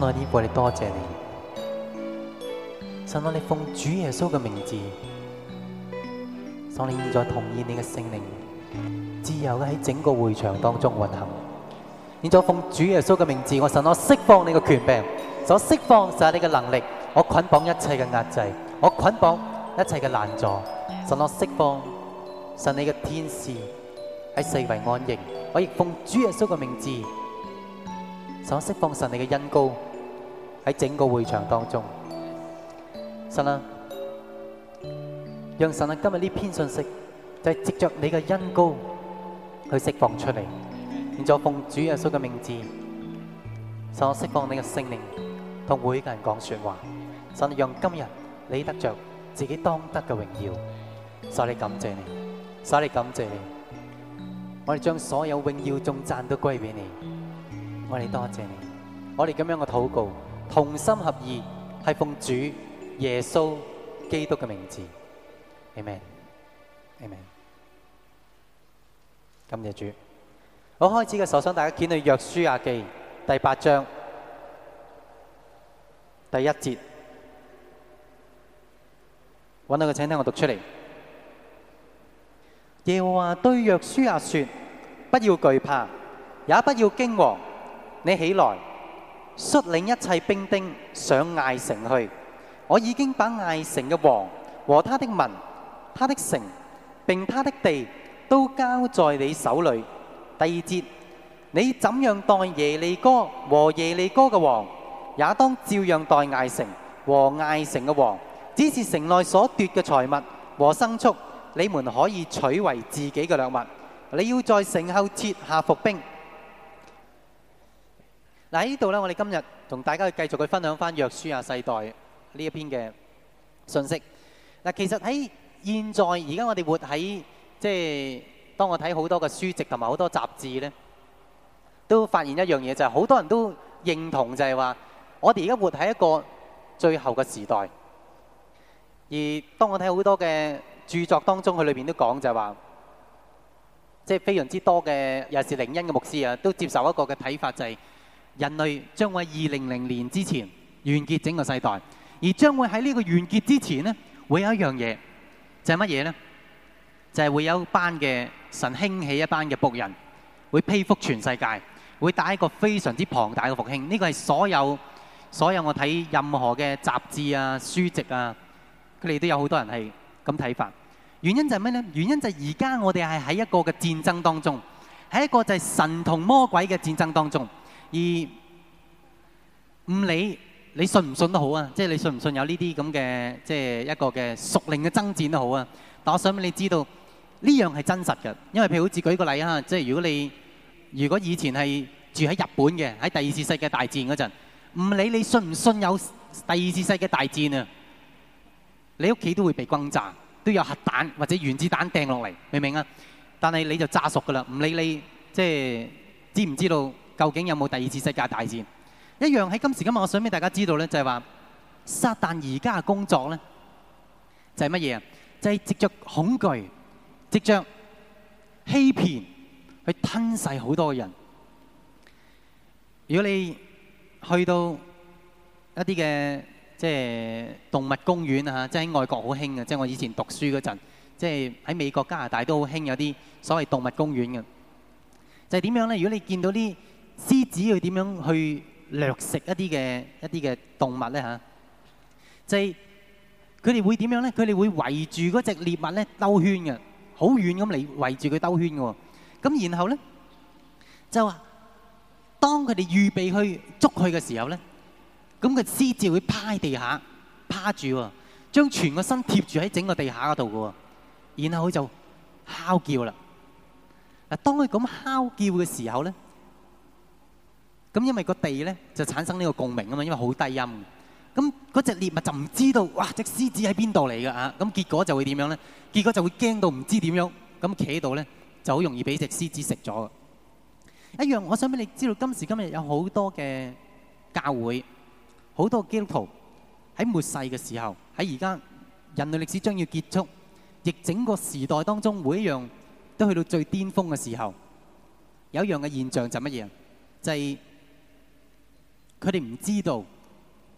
我呢個，我多謝你。神，我你奉主耶穌嘅名字，神，你現在同意你嘅聖靈自由嘅喺整個會場當中運行。現在奉主耶穌嘅名字，我神，我釋放你嘅權柄，我釋放晒你嘅能力，我捆綁一切嘅壓制，我捆綁一切嘅攔阻。嗯、神，我釋放，神你嘅天使喺四圍安營。我亦奉主耶穌嘅名字，神我釋放神你嘅恩膏。喺整個會場當中，神啊，讓神啊今日呢篇信息就係藉着你嘅恩膏去釋放出嚟。現在奉主耶穌嘅名字，神我釋放你嘅聖靈，同每一個人講說話。神啊，讓今日你得着自己當得嘅榮耀。神，你感謝你，神，你感謝你，我哋將所有榮耀頌讚都歸俾你。我哋多謝你，我哋咁樣嘅禱告。同心合意，係奉主耶穌基督嘅名字，阿門，阿門。感謝主，我開始嘅時候想大家見到《約書亞記》第八章第一節，揾到嘅請聽我讀出嚟。耶和華對約書亞說：不要懼怕，也不要驚惶，你起來。率領一切兵丁上艾城去。我已經把艾城嘅王和他的民、他的城並他的地都交在你手裏。第二節，你怎樣待耶利哥和耶利哥嘅王，也當照樣待艾城和艾城嘅王。只是城內所奪嘅財物和牲畜，你們可以取為自己嘅掠物。你要在城後設下伏兵。嗱、啊、呢度咧，我哋今日同大家去繼續去分享翻《約書亞、啊、世代》呢一篇嘅信息。嗱、啊，其實喺現在而家我哋活喺即係，當我睇好多嘅書籍同埋好多雜誌咧，都發現一樣嘢就係、是、好多人都認同就係話，我哋而家活喺一個最後嘅時代。而當我睇好多嘅著作當中，佢裏邊都講就係話，即、就、係、是、非常之多嘅尤其是靈恩嘅牧師啊，都接受一個嘅睇法就係、是。人類將會喺二零零年之前完結整個世代，而將會喺呢個完結之前呢，會有一樣嘢，就係乜嘢呢？就係、是、會有班嘅神興起一班嘅僕人，會披覆全世界，會打一個非常之龐大嘅復興。呢個係所有所有我睇任何嘅雜誌啊、書籍啊，佢哋都有好多人係咁睇法。原因就係咩呢？原因就係而家我哋係喺一個嘅戰爭當中，喺一個就係神同魔鬼嘅戰爭當中。而唔理你信唔信都好啊，即係你信唔信有呢啲咁嘅，即係一個嘅屬靈嘅爭戰都好啊。但我想俾你知道，呢樣係真實嘅，因為譬如好似舉個例啊，即係如果你如果以前係住喺日本嘅，喺第二次世界大戰嗰陣，唔理你信唔信有第二次世界大戰啊，你屋企都會被轟炸，都有核彈或者原子彈掟落嚟，明唔明啊？但係你就炸熟噶啦，唔理你即係知唔知道？究竟有冇第二次世界大戰？一樣喺今時今日，我想俾大家知道咧，就係話撒旦而家嘅工作咧，就係乜嘢？就係藉著恐懼、藉著欺騙去吞噬好多人。如果你去到一啲嘅即係動物公園啊，即係喺外國好興嘅，即係我以前讀書嗰陣，即係喺美國加拿大都好興有啲所謂動物公園嘅，就係點樣咧？如果你見到啲，獅子要點樣去掠食一啲嘅一啲嘅動物咧嚇、啊？就係佢哋會點樣咧？佢哋會圍住嗰隻獵物咧，兜圈嘅，好遠咁嚟圍住佢兜圈嘅。咁然後咧就話，當佢哋預備去捉佢嘅時候咧，咁、那個獅子會趴喺地下趴住喎，將全個身貼住喺整個地下嗰度嘅。然後佢就敲叫啦。嗱，當佢咁敲叫嘅時候咧。咁因為個地咧就產生呢個共鳴啊嘛，因為好低音。咁嗰隻獵物就唔知道，哇！隻獅子喺邊度嚟㗎嚇？咁結果就會點樣咧？結果就會驚到唔知點樣，咁企喺度咧就好容易俾隻獅子食咗。一樣，我想俾你知道，今時今日有好多嘅教會，好多基督徒喺末世嘅時候，喺而家人類歷史將要結束，亦整個時代當中每一樣都去到最巔峯嘅時候，有一樣嘅現象就乜嘢？就係。佢哋唔知道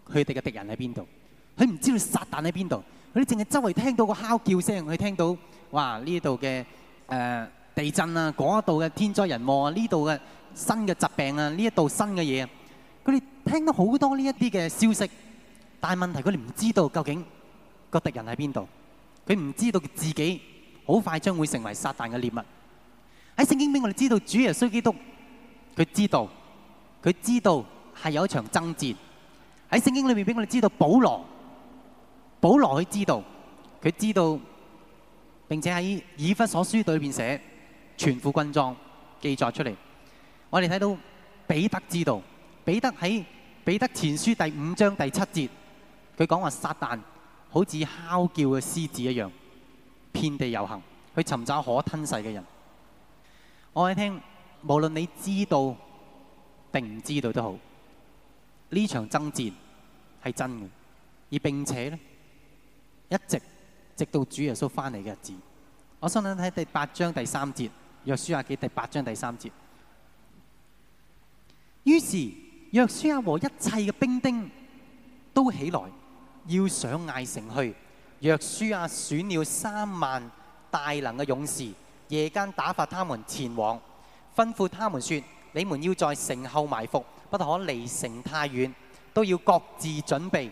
佢哋嘅敵人喺邊度，佢唔知道撒旦喺邊度，佢哋淨係周圍聽到個敲叫聲，佢聽到哇，呢度嘅誒地震啊，嗰度嘅天災人禍啊，呢度嘅新嘅疾病啊，呢一度新嘅嘢啊，佢哋聽到好多呢一啲嘅消息，但係問題佢哋唔知道究竟個敵人喺邊度，佢唔知道自己好快將會成為撒旦嘅獵物。喺聖經裏我哋知道主耶穌基督，佢知道，佢知道。係有一場爭戰，喺聖經裏面俾我哋知道保羅，保羅佢知道，佢知道，並且喺以弗所書裏邊寫全副軍裝記載出嚟。我哋睇到彼得知道，彼得喺彼得前書第五章第七節，佢講話撒旦好似哮叫嘅獅子一樣，遍地遊行去尋找可吞噬嘅人。我哋聽，無論你知道定唔知道都好。呢場爭戰係真嘅，而並且一直直到主耶穌翻嚟嘅日子。我想睇睇第八章第三節，約書亞記第八章第三節。於是約書亞和一切嘅兵丁都起來，要上艾城去。約書亞選了三萬大能嘅勇士，夜間打發他們前往，吩咐他們說：你們要在城後埋伏。不可離城太遠，都要各自準備。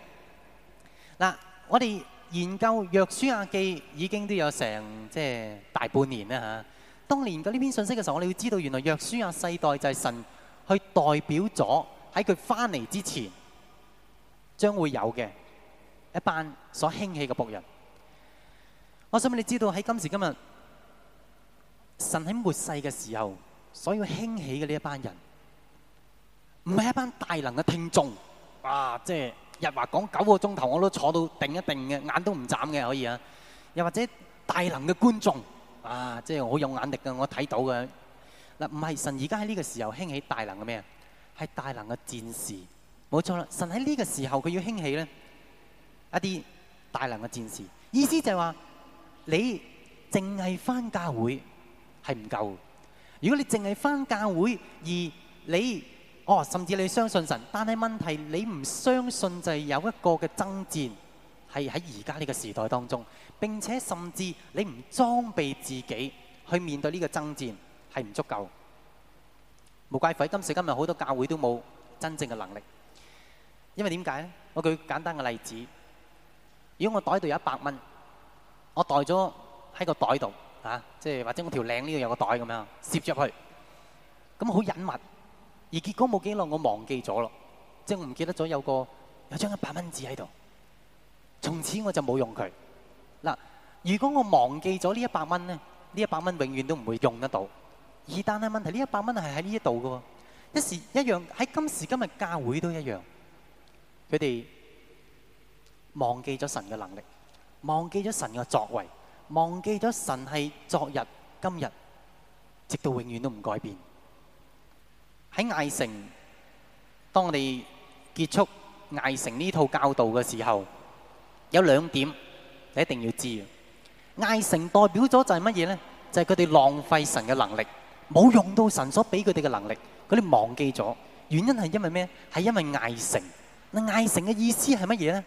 嗱，我哋研究《約書亞記》已經都有成即係大半年啦吓。當研究呢篇信息嘅時候，我哋要知道原來約書亞世代就係神去代表咗喺佢翻嚟之前，將會有嘅一班所興起嘅僕人。我想問你知道喺今時今日，神喺末世嘅時候，所要興起嘅呢一班人？唔係一班大能嘅聽眾，啊，即係日華講九個鐘頭我都坐到定一定嘅眼都唔眨嘅可以啊。又或者大能嘅觀眾，啊，即係我好有眼力嘅，我睇到嘅嗱。唔係神而家喺呢個時候興起大能嘅咩？係大能嘅戰士，冇錯啦。神喺呢個時候佢要興起咧一啲大能嘅戰士，意思就係話你淨係返教會係唔夠。如果你淨係返教會而你。哦，甚至你相信神，但係問題是你唔相信就係有一個嘅爭戰，係喺而家呢個時代當中。並且甚至你唔裝備自己去面對呢個爭戰，係唔足夠。無怪乎今時今日好多教會都冇真正嘅能力，因為點解咧？我舉簡單嘅例子，如果我袋度有一百蚊，我袋咗喺個袋度啊，即係或者我條領呢度有個袋咁樣攝入去，咁好隱密。而結果冇幾耐，我忘記咗咯，即係我唔記得咗有個有張一百蚊紙喺度。從此我就冇用佢。嗱，如果我忘記咗呢一百蚊咧，呢一百蚊永遠都唔會用得到。而但係問題，呢一百蚊係喺呢一度嘅喎。一時一樣喺今時今日教會都一樣，佢哋忘記咗神嘅能力，忘記咗神嘅作為，忘記咗神係昨日今日，直到永遠都唔改變。喺艾城，當我哋結束艾城呢套教導嘅時候，有兩點你一定要知嘅。艾城代表咗就係乜嘢咧？就係佢哋浪費神嘅能力，冇用到神所俾佢哋嘅能力，佢哋忘記咗。原因係因為咩？係因為艾城。嗱，艾城嘅意思係乜嘢咧？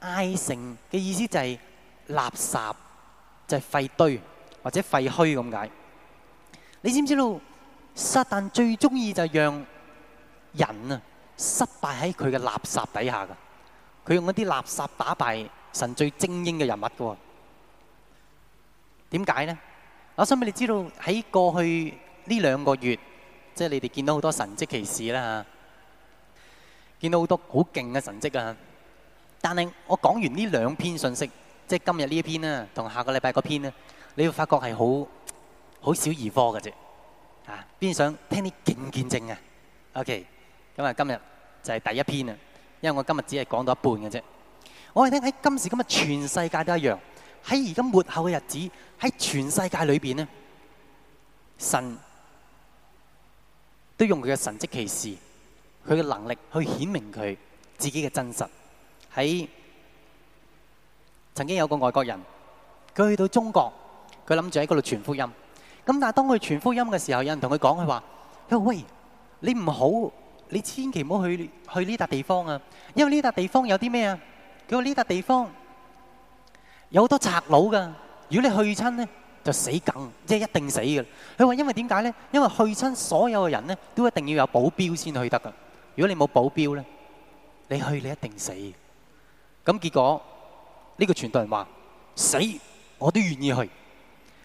艾城嘅意思就係垃圾，就係廢堆或者廢墟咁解。你知唔知道？撒旦最中意就係讓人啊失敗喺佢嘅垃圾底下噶，佢用一啲垃圾打敗神最精英嘅人物噶。點解呢？我想俾你知道喺過去呢兩個月，即係你哋見到好多神蹟、奇事啦吓，見到好多好勁嘅神蹟啊。但係我講完呢兩篇信息，即係今日呢一篇啊，同下個禮拜嗰篇啊，你會發覺係好好小兒科嘅啫。啊！邊想聽啲勁見證啊？OK，咁啊今日就係第一篇啦。因為我今日只係講到一半嘅啫。我哋聽喺今時今日全世界都一樣，喺而家末後嘅日子，喺全世界裏邊咧，神都用佢嘅神蹟奇事，佢嘅能力去顯明佢自己嘅真實。喺曾經有個外國人，佢去到中國，佢諗住喺嗰度傳福音。咁但係當佢傳福音嘅時候，有人同佢講，佢話，佢喂，你唔好，你千祈唔好去去呢笪地方啊！因為呢笪地方有啲咩啊？佢話呢笪地方有好多賊佬噶，如果你去親咧，就死梗，即係一定死嘅。佢話因為點解咧？因為去親所有嘅人咧，都一定要有保鏢先去得噶。如果你冇保鏢咧，你去你一定死。咁結果呢個傳道人話：死我都願意去。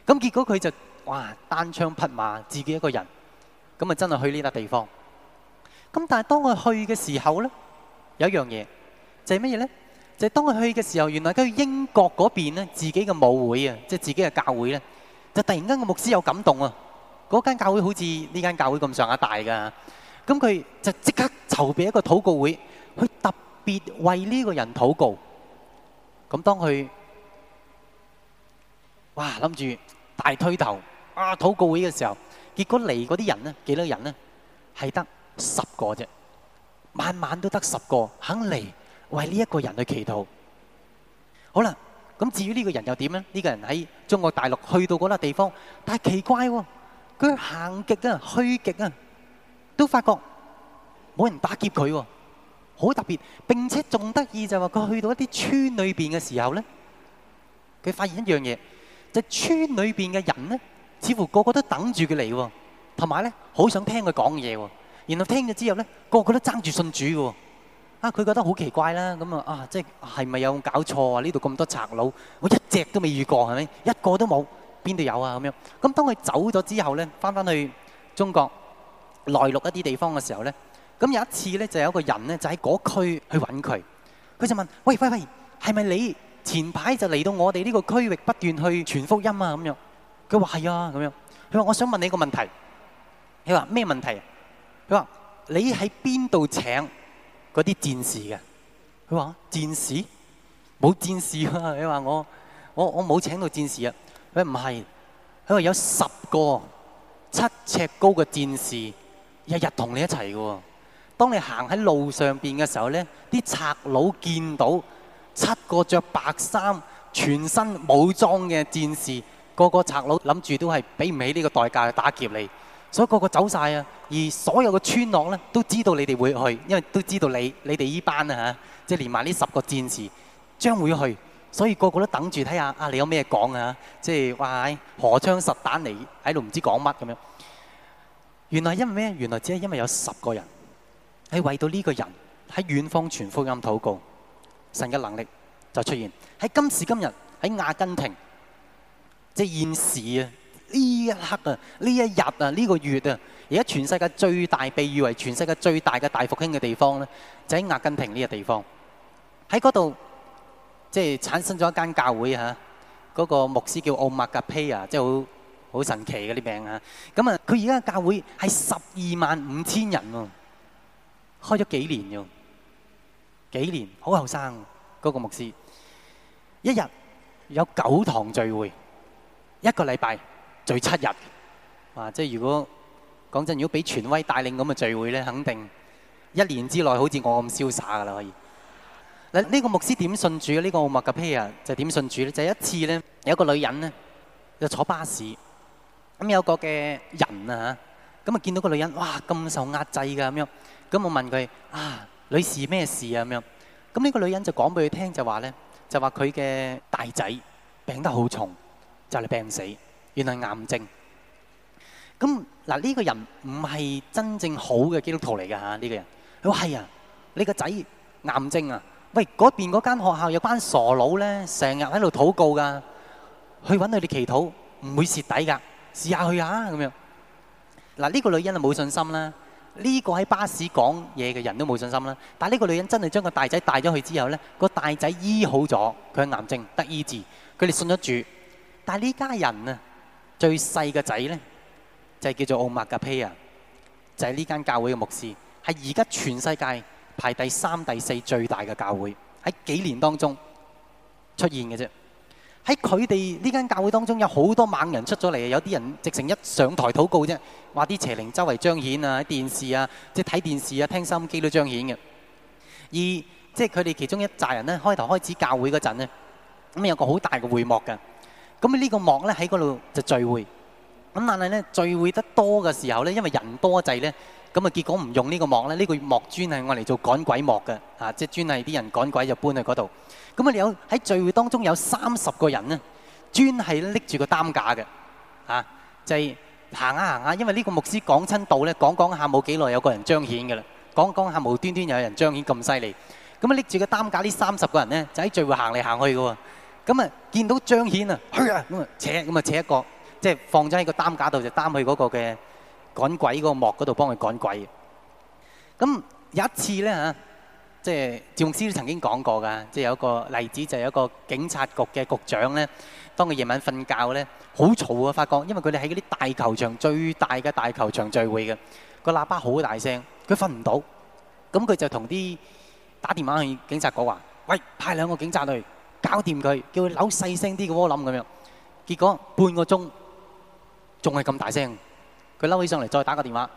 咁結果佢就。哇！單槍匹馬自己一個人，咁啊真係去呢笪地方。咁但係當佢去嘅時候咧，有一樣嘢就係乜嘢咧？就係當佢去嘅時候，原來佢英國嗰邊咧，自己嘅母會啊，即係自己嘅教會咧，就突然間個牧師有感動啊！嗰間教會好似呢間教會咁上下大噶，咁佢就即刻籌備一個禱告會，去特別為呢個人禱告。咁當佢哇諗住大推頭。啊！禱告會嘅時候，結果嚟嗰啲人咧，幾多人咧？係得十個啫，晚晚都得十個肯嚟為呢一個人去祈禱。好啦，咁至於呢個人又點咧？呢個人喺中國大陸去到嗰笪地方，但係奇怪，哦，佢行極啊，去極啊，都發覺冇人打劫佢，哦，好特別，並且仲得意就話佢去到一啲村裏邊嘅時候咧，佢發現一樣嘢，就係村裏邊嘅人咧。似乎個個都等住佢嚟喎，同埋咧好想聽佢講嘢喎。然後聽咗之後咧，個個都爭住信主嘅喎。啊，佢覺得好奇怪啦，咁啊啊，即係係咪有搞錯啊？呢度咁多賊佬，我一隻都未遇過，係咪一個都冇？邊度有啊？咁樣。咁當佢走咗之後咧，翻翻去中國內陸一啲地方嘅時候咧，咁有一次咧就有一個人咧就喺嗰區去揾佢，佢就問：喂喂喂，係咪你前排就嚟到我哋呢個區域不斷去傳福音啊？咁樣。佢話係啊，咁樣。佢話我想問你一個問題。佢話咩問題？佢話你喺邊度請嗰啲戰士嘅？佢話戰士，冇戰士啊！你話我我我冇請到戰士啊！佢唔係，佢話有十個七尺高嘅戰士，日日同你一齊嘅。當你行喺路上邊嘅時候咧，啲賊佬見到七個着白衫、全身武裝嘅戰士。個個賊佬諗住都係俾唔起呢個代價去打劫你，所以個個走晒啊！而所有嘅村落咧，都知道你哋會去，因為都知道你、你哋呢班啊吓，即係連埋呢十個戰士將會去，所以個個都等住睇下啊！你有咩講啊？即係哇！荷槍實彈嚟喺度唔知講乜咁樣。原來因為咩？原來只係因為有十個人喺為到呢個人喺遠方傳福音禱告，神嘅能力就出現喺今時今日喺阿根廷。即係現時啊！呢一刻啊！呢一日啊！呢個月啊！而家全世界最大被譽為全世界最大嘅大復興嘅地方咧，就喺阿根廷呢個地方喺嗰度，即係產生咗一間教會嚇。嗰個牧師叫奧麥格皮啊，即係好好神奇嘅啲名啊。咁啊，佢而家嘅教會係十二萬五千人喎，開咗幾年㗎，幾年好後生嗰個牧師，一日有九堂聚會。一個禮拜聚七日，哇！即係如果講真，如果俾權威帶領咁嘅聚會咧，肯定一年之內好似我咁瀟灑噶啦，可以。嗱，呢個牧師點信主？呢個奧默格皮人就點信主咧？就一次咧，有一個女人咧就坐巴士，咁有個嘅人啊，咁啊見到個女人，哇，咁受壓制噶咁樣。咁我問佢啊，女士咩事啊咁樣？咁呢個女人就講俾佢聽，就話咧，就話佢嘅大仔病得好重。就嚟病死，原來癌症。咁嗱，呢個人唔係真正好嘅基督徒嚟噶，吓，呢個人佢話係啊，你個仔癌症啊。喂，嗰邊嗰間學校有班傻佬咧，成日喺度禱告噶，去搵佢哋祈禱，唔會蝕底噶，試下去啊，咁樣。嗱，呢個女人啊冇信心啦，呢個喺巴士講嘢嘅人都冇信心啦。但係呢個女人真係將個大仔帶咗去之後咧，個大仔醫好咗，佢嘅癌症得醫治，佢哋信咗主。但係呢家人啊，最細嘅仔呢，就係叫做奧麥格披啊，就係呢間教會嘅牧師，係而家全世界排第三、第四最大嘅教會，喺幾年當中出現嘅啫。喺佢哋呢間教會當中有好多猛人出咗嚟，有啲人直情一上台禱告啫，話啲邪靈周圍彰顯啊，喺電視啊，即係睇電視啊，聽收音機都彰顯嘅。而即係佢哋其中一紮人呢，開頭開始教會嗰陣呢，咁有一個好大嘅會幕嘅。咁呢個幕咧喺嗰度就聚會，咁但係咧聚會得多嘅時候咧，因為人多滯咧，咁啊結果唔用呢個幕咧，呢個幕專係用嚟做趕鬼幕嘅，啊即係專係啲人趕鬼就搬去嗰度。咁啊有喺聚會當中有三十個人咧，專係拎住個擔架嘅，啊就係行下行下，因為呢個牧師講親道咧，講講下冇幾耐有個人彰顯嘅啦，講講下無端端又有人彰顯咁犀利，咁啊拎住個擔架呢三十個人咧就喺聚會行嚟行去嘅喎。咁啊，見到張顯啊，去啊的，咁啊扯，咁啊扯一個，即係放咗喺個擔架度，就擔去嗰個嘅趕鬼嗰個幕嗰度幫佢趕鬼。咁有一次咧嚇，即係趙老師都曾經講過噶，即係有一個例子，就係，有一個警察局嘅局長咧，當佢夜晚瞓覺咧，好嘈啊發覺，因為佢哋喺嗰啲大球場最大嘅大球場聚會嘅，個喇叭好大聲，佢瞓唔到，咁佢就同啲打電話去警察局話：喂，派兩個警察去。搞掂佢，叫佢扭細聲啲嘅鑊冧咁樣。結果半個鐘仲係咁大聲。佢嬲起上嚟再打個電話，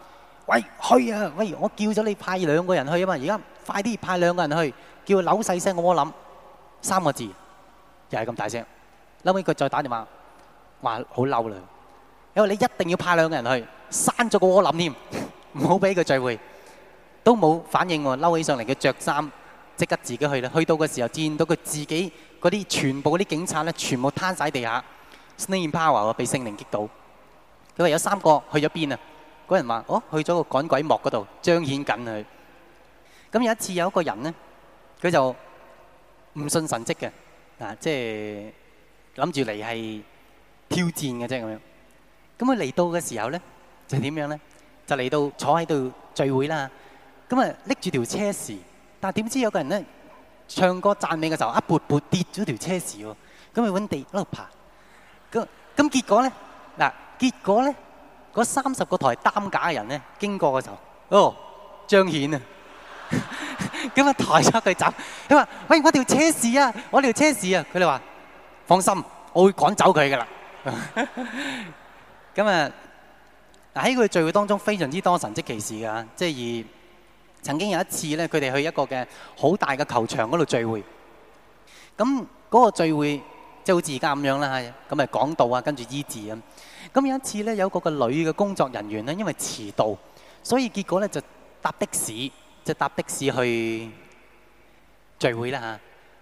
喂去啊！喂，我叫咗你派兩個人去啊嘛。而家快啲派兩個人去，叫佢扭細聲嘅鑊冧。三個字又係咁大聲。嬲尾佢再打電話，話好嬲啦。因為你一定要派兩個人去，閂咗個鑊冧添，唔好俾佢聚會，都冇反應喎。嬲起上嚟佢著衫，即刻自己去啦。去到嘅時候見到佢自己。嗰啲全部嗰啲警察咧，全部攤晒地下，sniper power 喎，被聖靈擊倒。佢話有三個去咗邊啊？嗰人話：哦，去咗個趕鬼幕嗰度，彰顯緊佢。咁有一次有一個人咧，佢就唔信神跡嘅，嗱、啊，即係諗住嚟係挑戰嘅啫咁樣。咁佢嚟到嘅時候咧，就點樣咧？就嚟到坐喺度聚會啦。咁啊拎住條車匙，但係點知有個人咧？唱歌讚美嘅時候，一、啊、撥撥跌咗條車匙喎，咁啊揾地喺度爬，咁咁結果咧，嗱、啊、結果咧，嗰三十個抬擔架嘅人咧，經過嘅時候，哦張顯啊，咁 啊、嗯、抬出佢走，佢話：喂，我條車匙啊，我條車匙啊！佢哋話：放心，我會趕走佢噶啦。咁、 嗯、啊，嗱喺佢嘅聚會當中，非常之多神蹟奇事噶，即係以。曾經有一次咧，佢哋去一個嘅好大嘅球場嗰度聚會。咁嗰個聚會即係好似而家咁樣啦，咁咪講道啊，跟住醫治啊。咁有一次咧，有個個女嘅工作人員咧，因為遲到，所以結果咧就搭的士，就搭的士去聚會啦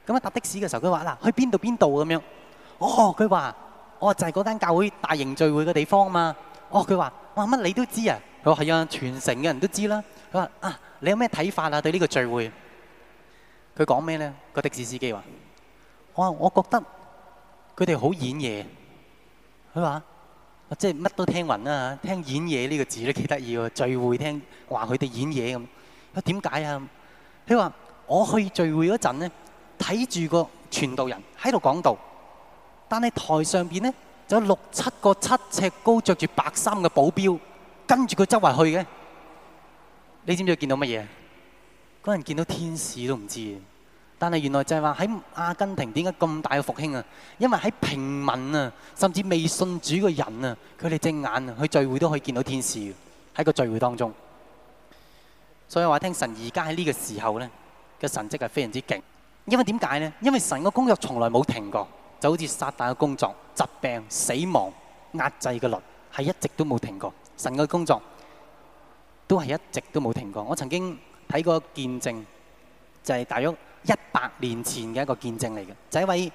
嚇。咁啊搭的士嘅時候，佢話嗱，去邊度邊度咁樣？哦，佢話：哦就係、是、嗰間教會大型聚會嘅地方啊嘛。哦，佢話：哇、哦、乜你都知啊？佢話係啊，全城嘅人都知啦。佢話啊。你有咩睇法啊？對呢個聚會，佢講咩咧？個的士司機話，我我覺得佢哋好演嘢。佢話，我即係乜都聽勻啦嚇，聽演嘢呢個字都幾得意喎。聚會聽話佢哋演嘢咁，佢點解啊？佢話我去聚會嗰陣咧，睇住個傳道人喺度講道，但係台上邊咧就有六七個七尺高、着住白衫嘅保鏢跟住佢周圍去嘅。你知唔知見到乜嘢？嗰人見到天使都唔知，但係原來就係話喺阿根廷點解咁大嘅復興啊？因為喺平民啊，甚至未信主嘅人啊，佢哋隻眼去聚會都可以見到天使喺個聚會當中。所以話聽神而家喺呢個時候呢，嘅神蹟係非常之勁，因為點解呢？因為神嘅工作從來冇停過，就好似撒旦嘅工作，疾病、死亡、壓制嘅律係一直都冇停過。神嘅工作。都係一直都冇停過。我曾經睇過見證，就係大約一百年前嘅一個見證嚟嘅，就係一位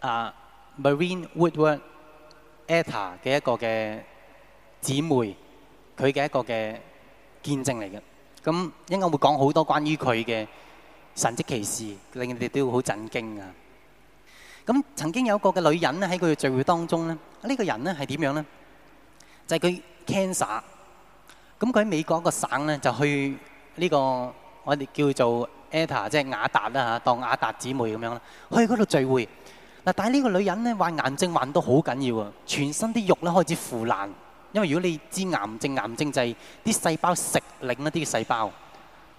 啊 Marine Woodward Etta 嘅一個嘅姊妹，佢嘅一個嘅見證嚟嘅。咁應該會講好多關於佢嘅神蹟奇事，令你哋都會好震驚啊！咁曾經有個嘅女人咧，喺佢嘅聚會當中咧，呢個人咧係點樣咧？就係佢 cancer。咁佢喺美國一個省咧，就去呢、呢個我哋叫做 Ada，、e、即係雅達啦嚇，當雅達姊妹咁樣啦，去嗰度聚會。嗱，但係呢個女人咧患癌症患到好緊要啊，全身啲肉咧開始腐爛，因為如果你知癌症，癌症就係啲細胞食另一啲細胞。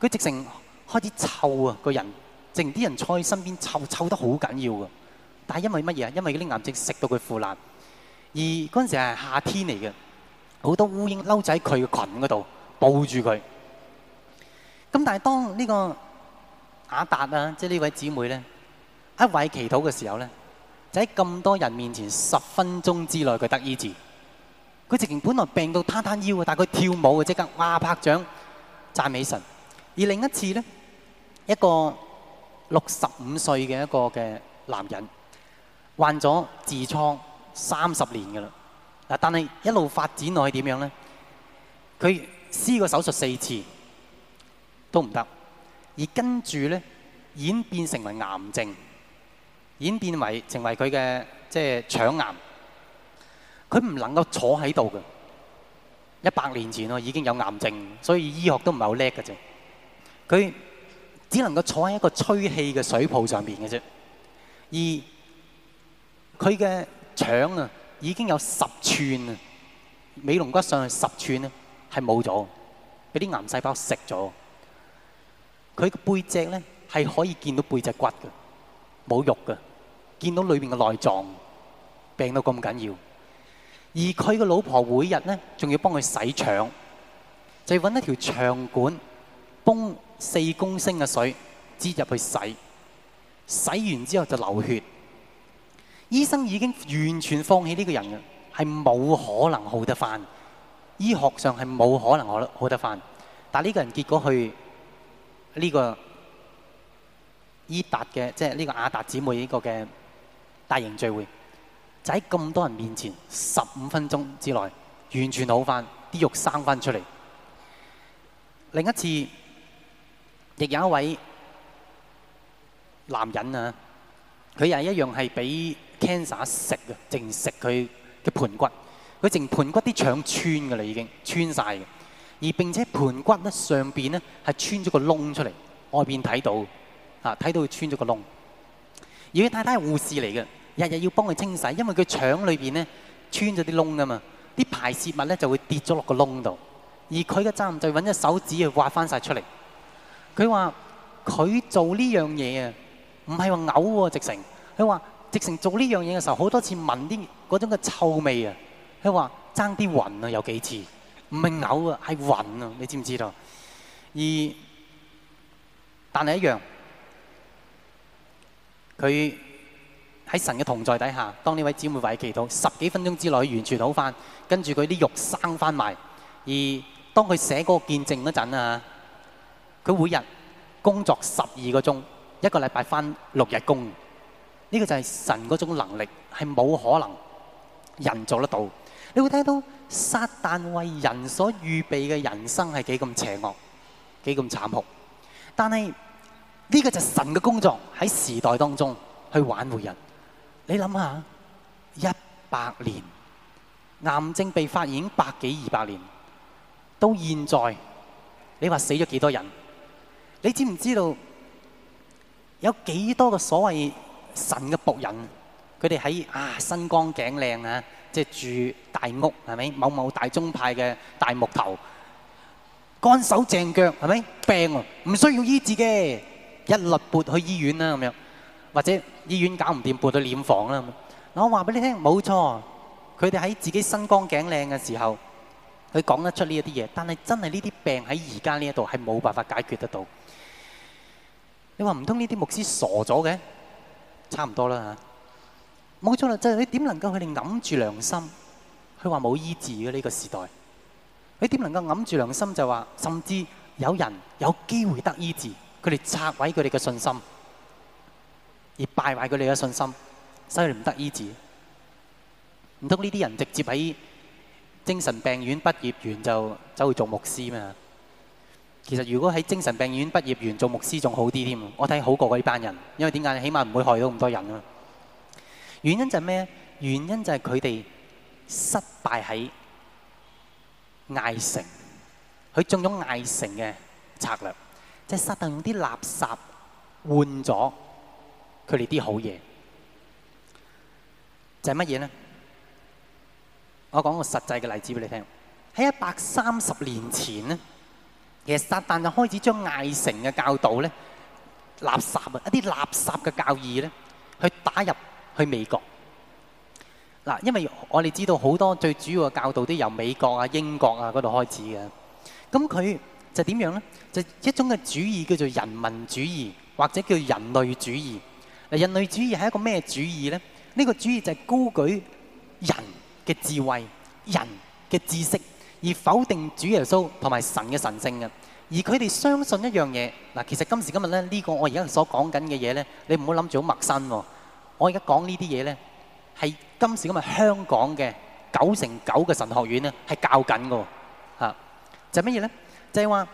佢直情開始臭啊，個人，淨啲人坐喺身邊臭臭得好緊要啊。但係因為乜嘢啊？因為啲癌症食到佢腐爛，而嗰陣時係夏天嚟嘅。好多烏蠅嬲仔佢嘅群嗰度，保住佢。咁但係當呢個雅達啊，即係呢位姊妹咧，一位祈禱嘅時候咧，就喺咁多人面前，十分鐘之內佢得醫治。佢直情本來病到攤攤腰啊，但係佢跳舞啊，即刻哇拍掌讚美神。而另一次咧，一個六十五歲嘅一個嘅男人，患咗痔瘡三十年㗎啦。但係一路發展落去點樣咧？佢試過手術四次都唔得，而跟住咧演變成為癌症，演變為成為佢嘅即係腸癌。佢唔能夠坐喺度嘅，一百年前咯，啊、已經有癌症，所以醫學都唔係好叻嘅啫。佢只能夠坐喺一個吹氣嘅水泡上面嘅啫，而佢嘅腸啊。已經有十寸啊！尾龍骨上去十寸啊，係冇咗，俾啲癌細胞食咗。佢背脊咧係可以見到背脊骨嘅，冇肉嘅，見到裏面嘅內臟，病到咁緊要。而佢嘅老婆每日咧仲要幫佢洗腸，就揾一條腸管，泵四公升嘅水擠入去洗，洗完之後就流血。醫生已經完全放棄呢個人嘅，係冇可能好得翻。醫學上係冇可能好得好得翻。但係呢個人結果去呢個伊達嘅，即係呢個亞達姐妹呢個嘅大型聚會，就喺咁多人面前十五分鐘之內完全好翻，啲肉生翻出嚟。另一次亦有一位男人啊，佢又一樣係俾 can c e r 食啊，淨食佢嘅盤骨，佢淨盤骨啲腸穿噶啦，已經穿晒嘅。而並且盤骨咧上邊咧係穿咗個窿出嚟，外邊睇到啊，睇到佢穿咗個窿。而佢太太係護士嚟嘅，日日要幫佢清洗，因為佢腸裏邊咧穿咗啲窿啊嘛，啲排泄物咧就會跌咗落個窿度。而佢嘅針就揾隻手指去挖翻晒出嚟。佢話：佢做呢樣嘢啊，唔係話嘔喎直成。佢話。直成做呢樣嘢嘅時候，好多次聞啲嗰種嘅臭味啊！佢話爭啲暈啊，有幾次唔係嘔啊，係暈啊！你知唔知道？而但係一樣，佢喺神嘅同在底下，當呢位姊妹為祈禱十幾分鐘之內，完全好翻，跟住佢啲肉生翻埋。而當佢寫嗰個見證嗰陣啊，佢每日工作十二個鐘，一個禮拜翻六日工。呢個就係神嗰種能力，係冇可能人做得到。你會睇到撒旦為人所預備嘅人生係幾咁邪惡，幾咁慘酷。但係呢個就係神嘅工作喺時代當中去挽回人。你諗下，一百年癌症被發現百幾二百年，到現在你話死咗幾多人？你知唔知道有幾多嘅所謂？神嘅僕人，佢哋喺啊身光頸靚啊，即係住大屋，係咪？某某大宗派嘅大木頭，乾手正腳，係咪？病啊唔需要醫治嘅，一律撥去醫院啦咁樣，或者醫院搞唔掂，撥到殮房啦咁樣。嗱。我話俾你聽，冇錯，佢哋喺自己身光頸靚嘅時候，佢講得出呢一啲嘢，但係真係呢啲病喺而家呢一度係冇辦法解決得到。你話唔通呢啲牧師傻咗嘅？差唔多啦嚇，冇錯啦，就係你點能夠佢哋揞住良心？佢話冇醫治嘅呢個時代，你點能夠揞住良心就說？就話甚至有人有機會得醫治，佢哋拆毀佢哋嘅信心，而敗壞佢哋嘅信心，所以唔得醫治。唔通呢啲人直接喺精神病院畢業完就走去做牧師咩？其實如果喺精神病院畢業完做牧師仲好啲添，我睇好過呢班人，因為點解？起碼唔會害到咁多人啊！原因就係咩？原因就係佢哋失敗喺艾城，佢中咗艾城嘅策略，即係撒旦用啲垃圾換咗佢哋啲好嘢，就係乜嘢呢？我講個實際嘅例子俾你聽，喺一百三十年前咧。其實撒旦就開始將亞述嘅教導咧，垃圾啊，一啲垃圾嘅教義咧，去打入去美國。嗱，因為我哋知道好多最主要嘅教導都由美國啊、英國啊嗰度開始嘅。咁佢就點樣咧？就一種嘅主義叫做人民主義，或者叫人類主義。嗱，人類主義係一個咩主義咧？呢個主義就係高舉人嘅智慧、人嘅知識。而否定主耶穌同埋神嘅神聖嘅，而佢哋相信一樣嘢。嗱，其實今時今日咧呢、這個我而家所講緊嘅嘢咧，你唔好諗住好陌生、哦。我而家講呢啲嘢咧，係今時今日香港嘅九成九嘅神學院咧係教緊嘅吓，就係乜嘢咧？就係、是、話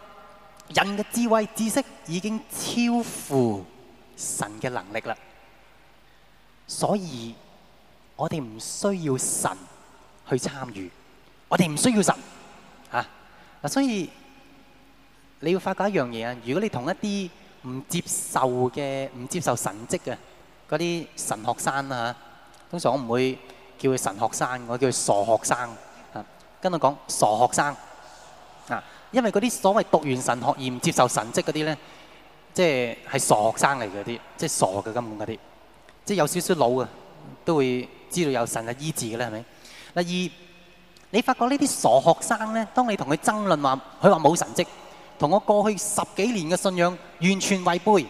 人嘅智慧知識已經超乎神嘅能力啦，所以我哋唔需要神去參與，我哋唔需要神。嗱，所以你要發覺一樣嘢啊！如果你同一啲唔接受嘅、唔接受神蹟嘅嗰啲神學生啊，通常我唔會叫佢神學生，我叫佢傻學生啊！跟我講傻學生啊，因為嗰啲所謂讀完神學而唔接受神蹟嗰啲咧，即係係傻學生嚟嘅啲，即係傻嘅根本嗰啲，即係有少少腦啊，都會知道有神嘅醫治嘅啦，係咪？嗱，醫你發覺呢啲傻學生呢，當你同佢爭論話，佢話冇神蹟，同我過去十幾年嘅信仰完全違背。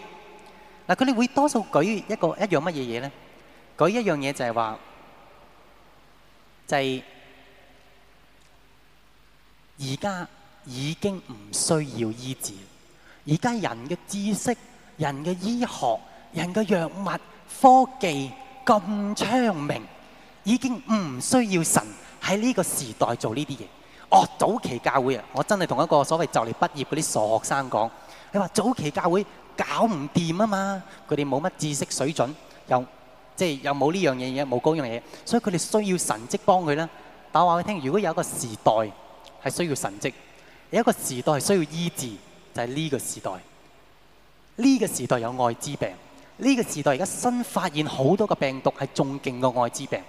嗱，佢哋會多數舉一個一樣乜嘢嘢呢？舉一樣嘢就係話，就係而家已經唔需要醫治。而家人嘅知識、人嘅醫學、人嘅藥物、科技咁昌明，已經唔需要神。喺呢個時代做呢啲嘢，哦早期教會啊，我真係同一個所謂就嚟畢業嗰啲傻學生講，你話早期教會搞唔掂啊嘛，佢哋冇乜知識水準，又即係又冇呢樣嘢嘢，冇嗰樣嘢，所以佢哋需要神蹟幫佢啦。但我話你聽，如果有一個時代係需要神蹟，有一個時代係需要醫治，就係、是、呢個時代，呢、呢個時代有愛滋病。呢個時代而家新發現好多個病毒係仲勁過愛滋病，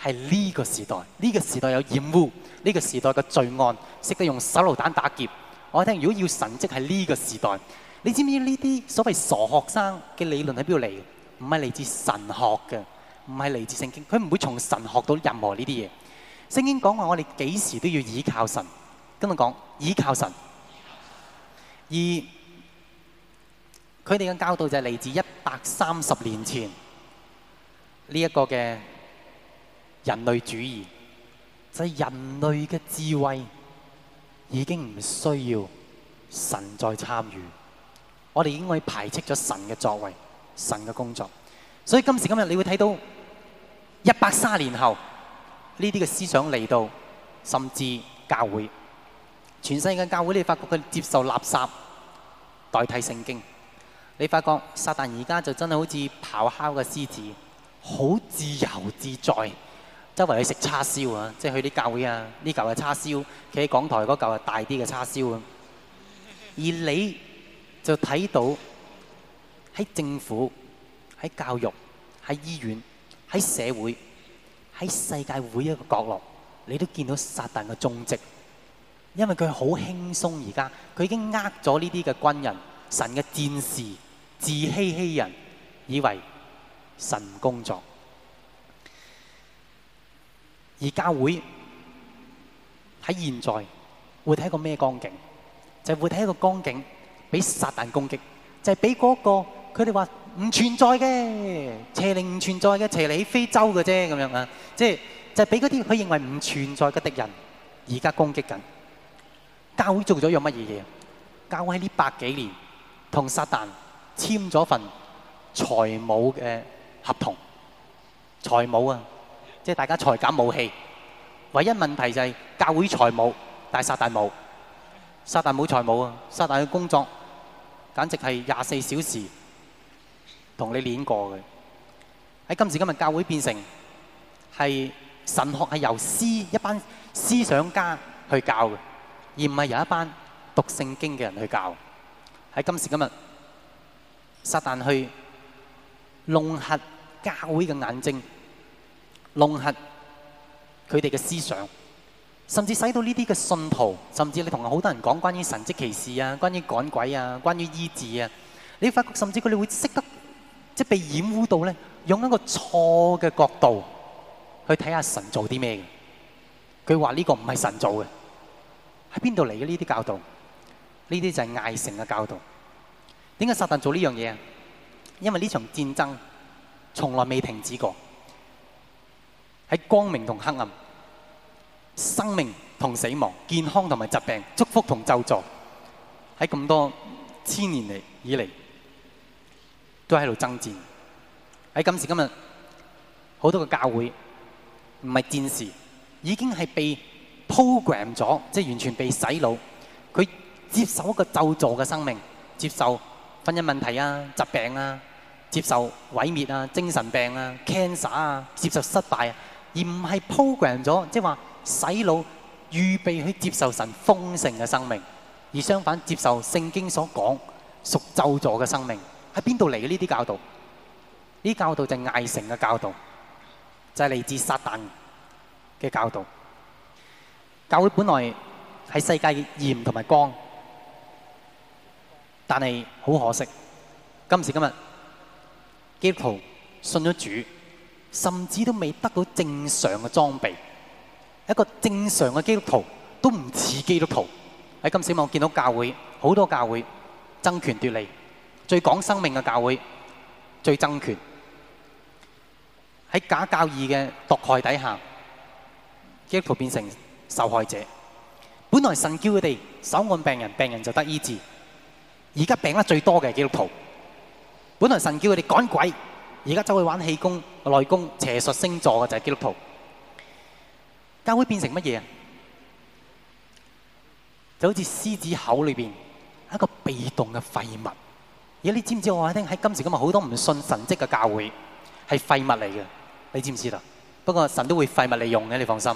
係呢個時代。呢個時代有染污，呢個時代嘅罪案識得用手榴彈打劫。我聽，如果要神蹟係呢個時代，你知唔知呢啲所謂傻學生嘅理論喺邊度嚟？唔係嚟自神學嘅，唔係嚟自聖經，佢唔會從神學到任何呢啲嘢。聖經講話我哋幾時都要倚靠神，跟我講倚靠神，而。佢哋嘅教導就係嚟自一百三十年前呢一個嘅人類主義，就係人類嘅智慧已經唔需要神再參與，我哋已經可以排斥咗神嘅作為，神嘅工作。所以今時今日，你會睇到一百三十年後呢啲嘅思想嚟到，甚至教會，全世界教會你發覺佢接受垃圾代替聖經。你發覺撒但而家就真係好似咆哮嘅獅子，好自由自在，周圍去食叉燒啊！即係去啲教會啊，呢嚿係叉燒，企喺講台嗰嚿大啲嘅叉燒啊！而你就睇到喺政府、喺教育、喺醫院、喺社會、喺世界會一個角落，你都見到撒但嘅蹤跡，因為佢好輕鬆而家，佢已經呃咗呢啲嘅軍人、神嘅戰士。自欺欺人，以為神工作；而教會喺現在會睇一個咩光景，就係會睇一個光景，俾撒旦攻擊，就係俾嗰個佢哋話唔存在嘅邪靈唔存在嘅邪靈非洲嘅啫，咁樣啊，即係就係俾嗰啲佢認為唔存在嘅敵人而家攻擊緊。教會做咗樣乜嘢嘢？教會喺呢百幾年同撒旦。簽咗份財務嘅合同，財務啊，即係大家財減武器。唯一問題就係教會財務，但係撒大舞，撒大舞財務啊，撒大嘅工作簡直係廿四小時同你練過嘅。喺今時今日，教會變成係神學係由思一班思想家去教嘅，而唔係由一班讀聖經嘅人去教。喺今時今日。撒旦去弄合教會嘅眼睛，弄合佢哋嘅思想，甚至使到呢啲嘅信徒，甚至你同好多人講關於神蹟奇事啊，關於趕鬼啊，關於醫治啊，你發覺甚至佢哋會識得即係被掩護到咧，用一個錯嘅角度去睇下神做啲咩嘅。佢話呢個唔係神做嘅，喺邊度嚟嘅呢啲教導？呢啲就係偽聖嘅教導。點解撒但做呢樣嘢啊？因為呢場戰爭從來未停止過，喺光明同黑暗、生命同死亡、健康同埋疾病、祝福同咒詛，喺咁多千年嚟以嚟都喺度爭戰。喺今時今日，好多個教會唔係戰士，已經係被 program 咗，即係完全被洗腦，佢接受一個咒詛嘅生命，接受。婚姻問題啊、疾病啊、接受毀滅啊、精神病啊、cancer 啊、接受失敗啊，而唔係 program 咗，即係話洗腦、預備去接受神豐盛嘅生命，而相反接受聖經所講屬咒詛嘅生命，喺邊度嚟嘅呢啲教導？呢啲教導就係偽聖嘅教導，就係、是、嚟自撒旦嘅教導。教會本來係世界嘅鹽同埋光。但係好可惜，今時今日基督徒信咗主，甚至都未得到正常嘅裝備。一個正常嘅基督徒都唔似基督徒。喺今時今日，我見到教會好多教會爭權奪利，最講生命嘅教會最爭權，喺假教義嘅毒害底下，基督徒變成受害者。本來神叫佢哋手按病人，病人就得醫治。而家病得最多嘅係基督徒，本來神叫佢哋趕鬼，而家走去玩氣功、內功、邪術、星座嘅就係基督徒。教會變成乜嘢？就好似獅子口裏邊一個被動嘅廢物。而家你知唔知我話你聽，喺今時今日好多唔信神蹟嘅教會係廢物嚟嘅？你知唔知啦？不過神都會廢物利用嘅，你放心。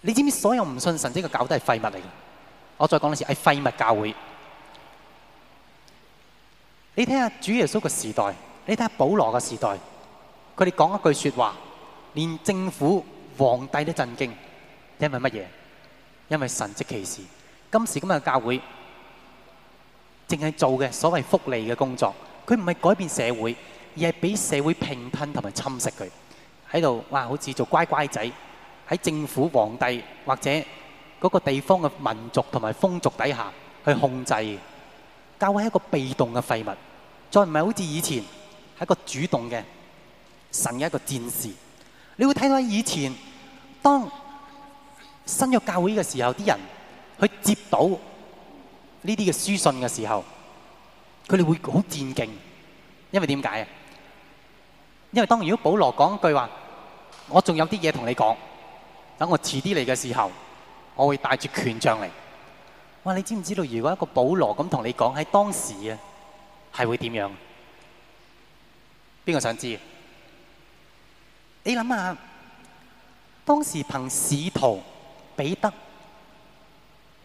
你知唔知所有唔信神蹟嘅教會都係廢物嚟嘅？我再講一次，係廢物教會。你睇下主耶穌嘅時代，你睇下保羅嘅時代，佢哋講一句説話，連政府皇帝都震驚，因為乜嘢？因為神蹟奇事。今時今日嘅教會，淨係做嘅所謂福利嘅工作，佢唔係改變社會，而係俾社會平吞同埋侵蝕佢，喺度哇，好似做乖乖仔，喺政府皇帝或者，嗰個地方嘅民族同埋風俗底下，去控制教會係一個被動嘅廢物，再唔係好似以前係一個主動嘅神嘅一個戰士。你會睇到以前當新約教會嘅時候，啲人去接到呢啲嘅書信嘅時候，佢哋會好戰勁，因為點解啊？因為當如果保羅講一句話，我仲有啲嘢同你講，等我遲啲嚟嘅時候。我會帶住權杖嚟哇，你知唔知道如果一個保羅咁同你講喺當時係會點樣？邊個想知道？道你諗下，當時憑使徒彼得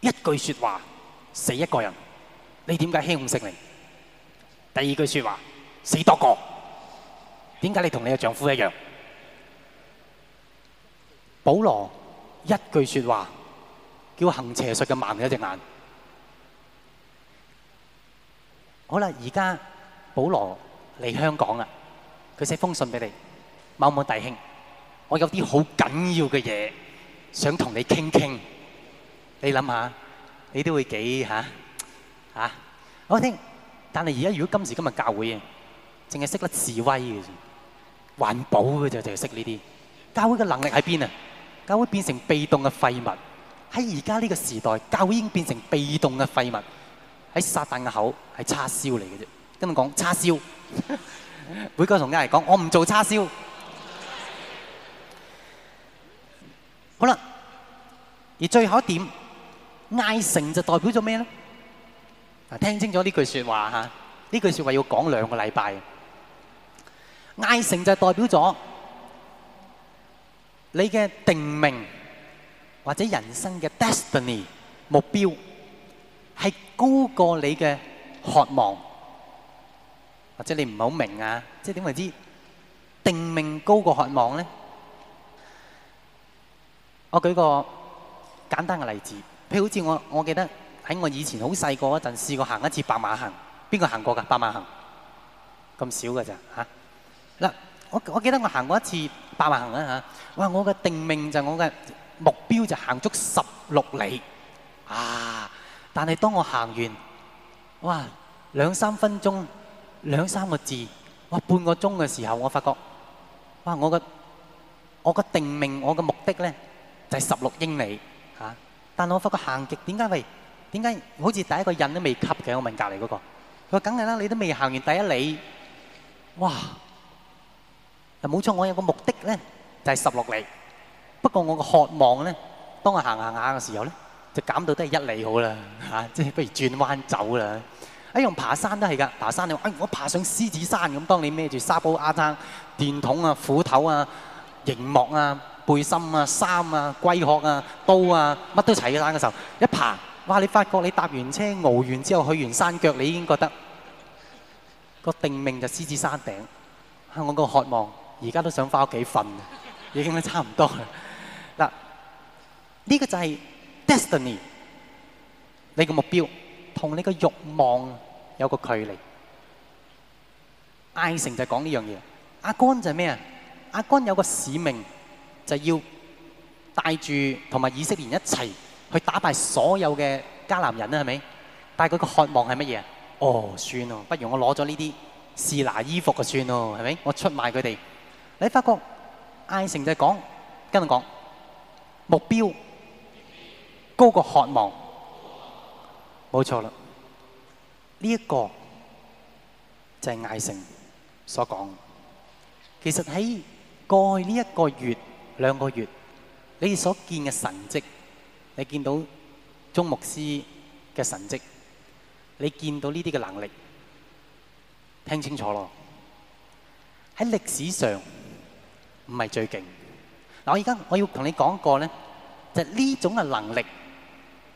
一句說話死一個人，你點解輕五成零？第二句說話死多個，點解你同你的丈夫一樣？保羅一句說話。要行邪術嘅盲咗隻眼。好啦，而家保羅嚟香港啦，佢寫封信俾你，某某弟兄，我有啲好緊要嘅嘢想同你傾傾。你諗下，你都會幾嚇嚇？我聽，但係而家如果今時今日教會啊，淨係識得示威嘅，環保嘅就淨係識呢啲教會嘅能力喺邊啊？教會變成被動嘅廢物。喺而家呢個時代，教會已經變成被動嘅廢物，喺撒旦嘅口係叉燒嚟嘅啫。今日講叉燒，呵呵每個同家嚟講，我唔做叉燒。叉燒。好啦，而最後一點，嗌成就代表咗咩咧？嗱，聽清楚呢句説話嚇，呢句説話要講兩個禮拜。嗌成就代表咗你嘅定名。或者人生嘅 destiny 目標係高過你嘅渴望，或者你唔係好明啊，即係點為之定命高過渴望咧？我舉個簡單嘅例子，譬如好似我我記得喺我以前好細個嗰陣試過行一次百萬行，邊個行過噶百萬行咁少㗎咋嚇？嗱，我我記得我行過一次百萬行啊嚇，哇！我嘅定命就係我嘅。目標就行足十六里啊！但係當我行完，哇，兩三分鐘，兩三個字，哇，半個鐘嘅時候，我發覺，哇，我嘅我嘅定命，我嘅目的咧就係十六英里吓、啊。但我發覺行極，點解喂，點解好似第一個印都未及嘅？我問隔籬嗰個，佢話：梗係啦，你都未行完第一里，哇！但冇錯，我有個目的咧，就係十六里。不過我個渴望咧，當我行行下嘅時候咧，就減到都係一厘好啦，嚇、啊！即係不如轉彎走啦。一、啊、用爬山都係噶，爬山你，哎我爬上獅子山咁，當你孭住沙煲、阿爭、電筒啊、斧頭啊、熒幕啊、背心啊、衫啊、龜殼啊、刀啊，乜都齊曬嘅時候，一爬，哇！你發覺你搭完車、熬完之後去完山腳，你已經覺得、個定命就獅子山頂。啊、我個渴望而家都想翻屋企瞓，已經都差唔多啦。呢個就係 destiny，你個目標同你個欲望有個距離。艾成就講呢樣嘢，阿干就咩啊？阿干有個使命，就係、是、要帶住同埋以色列人一齊去打敗所有嘅迦南人啦，係咪？但係佢個渴望係乜嘢？哦，算咯，不如我攞咗呢啲士拿衣服嘅算咯，係咪？我出賣佢哋，你發覺艾成就講，跟我講目標。高個渴望，冇錯啦！呢、這、一個就係艾成所講。其實喺過去呢一個月、兩個月，你哋所見嘅神蹟，你見到鍾牧師嘅神蹟，你見到呢啲嘅能力，聽清楚咯。喺歷史上唔係最勁。嗱，我而家我要同你講一個咧，就呢、係、種嘅能力。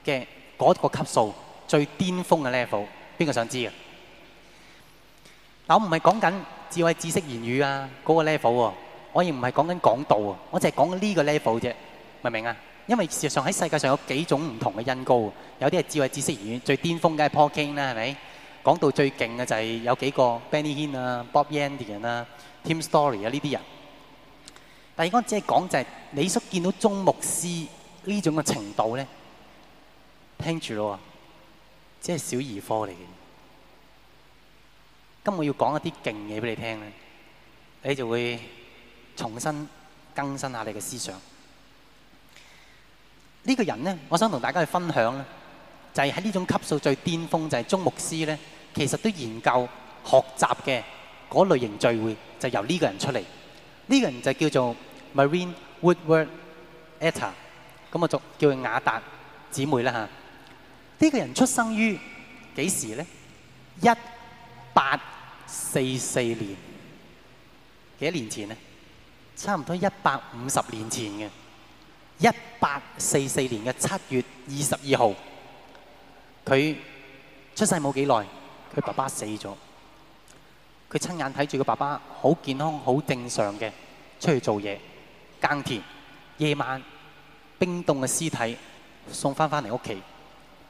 嘅嗰個級數最巔峰嘅 level，邊個想知啊？嗱，我唔係講緊智慧知識言語啊，嗰個 level 喎，我亦唔係講緊講道啊，我淨係講緊呢個 level 啫，明唔明啊？因為事實上喺世界上有幾種唔同嘅恩膏，有啲係智慧知識言語最巔峰，梗係 Paul King 啦，係咪？講到最勁嘅就係有幾個 Benny Hinn 啊、Bob Yandian 啊、Tim Story 啊呢啲人。第二講只係講就係你所見到中牧師呢種嘅程度咧。聽住咯，即係小兒科嚟嘅。今我要講一啲勁嘢俾你聽咧，你就會重新更新下你嘅思想。呢、呢個人咧，我想同大家去分享咧，就係喺呢種級數最巔峰，就係、係、中牧師咧，其實都研究學習嘅嗰類型聚會，就由呢個人出嚟。呢、呢個人就叫做 Marine Woodward Etta，咁我就叫佢雅達姊妹啦呢個人出生於幾時咧？一八四四年，幾多年前啊？差唔多一百五十年前嘅一八四四年嘅七月二十二號，佢出世冇幾耐，佢爸爸死咗，佢親眼睇住個爸爸好健康、好正常嘅出去做嘢耕田，夜晚冰凍嘅屍體送返返嚟屋企。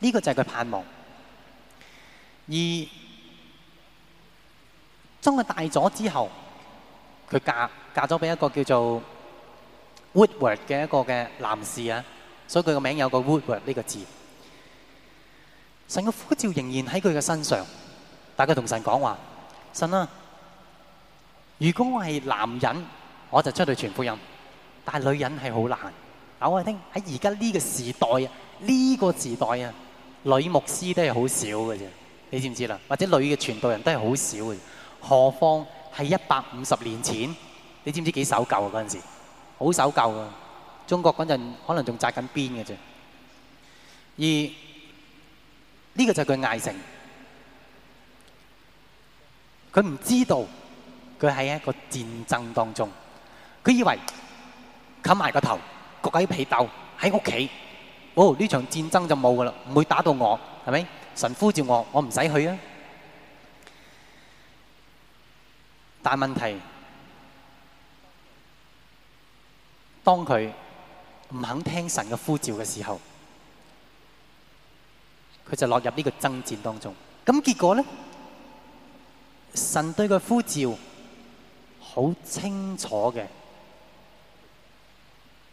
呢個就係他佢盼望，而當佢大咗之後，佢嫁，嫁了咗畀一個叫做 Woodward 嘅一個嘅男士啊，所以佢嘅名字有一個 Woodward 呢個字。神嘅呼召仍然喺佢嘅身上，大家同神講話神啊，如果我係男人，我就出去傳福音，但女人係好難。我話聽喺而家呢個時代這呢個時代啊。女牧師都係好少嘅啫，你知唔知啦？或者女嘅傳道人都係好少嘅，何況係一百五十年前，你知唔知幾守舊啊？嗰陣時好守舊嘅，中國嗰陣可能仲紮緊辮嘅啫。而呢個就係佢艾誠，佢唔知道佢喺一個戰爭當中，佢以為冚埋個頭，焗喺被竇喺屋企。在家哦，呢場戰爭就冇噶啦，唔會打到我，係咪？神呼召我，我唔使去啊。但問題，當佢唔肯聽神嘅呼召嘅時候，佢就落入呢個爭戰當中。咁結果咧，神對佢呼召好清楚嘅，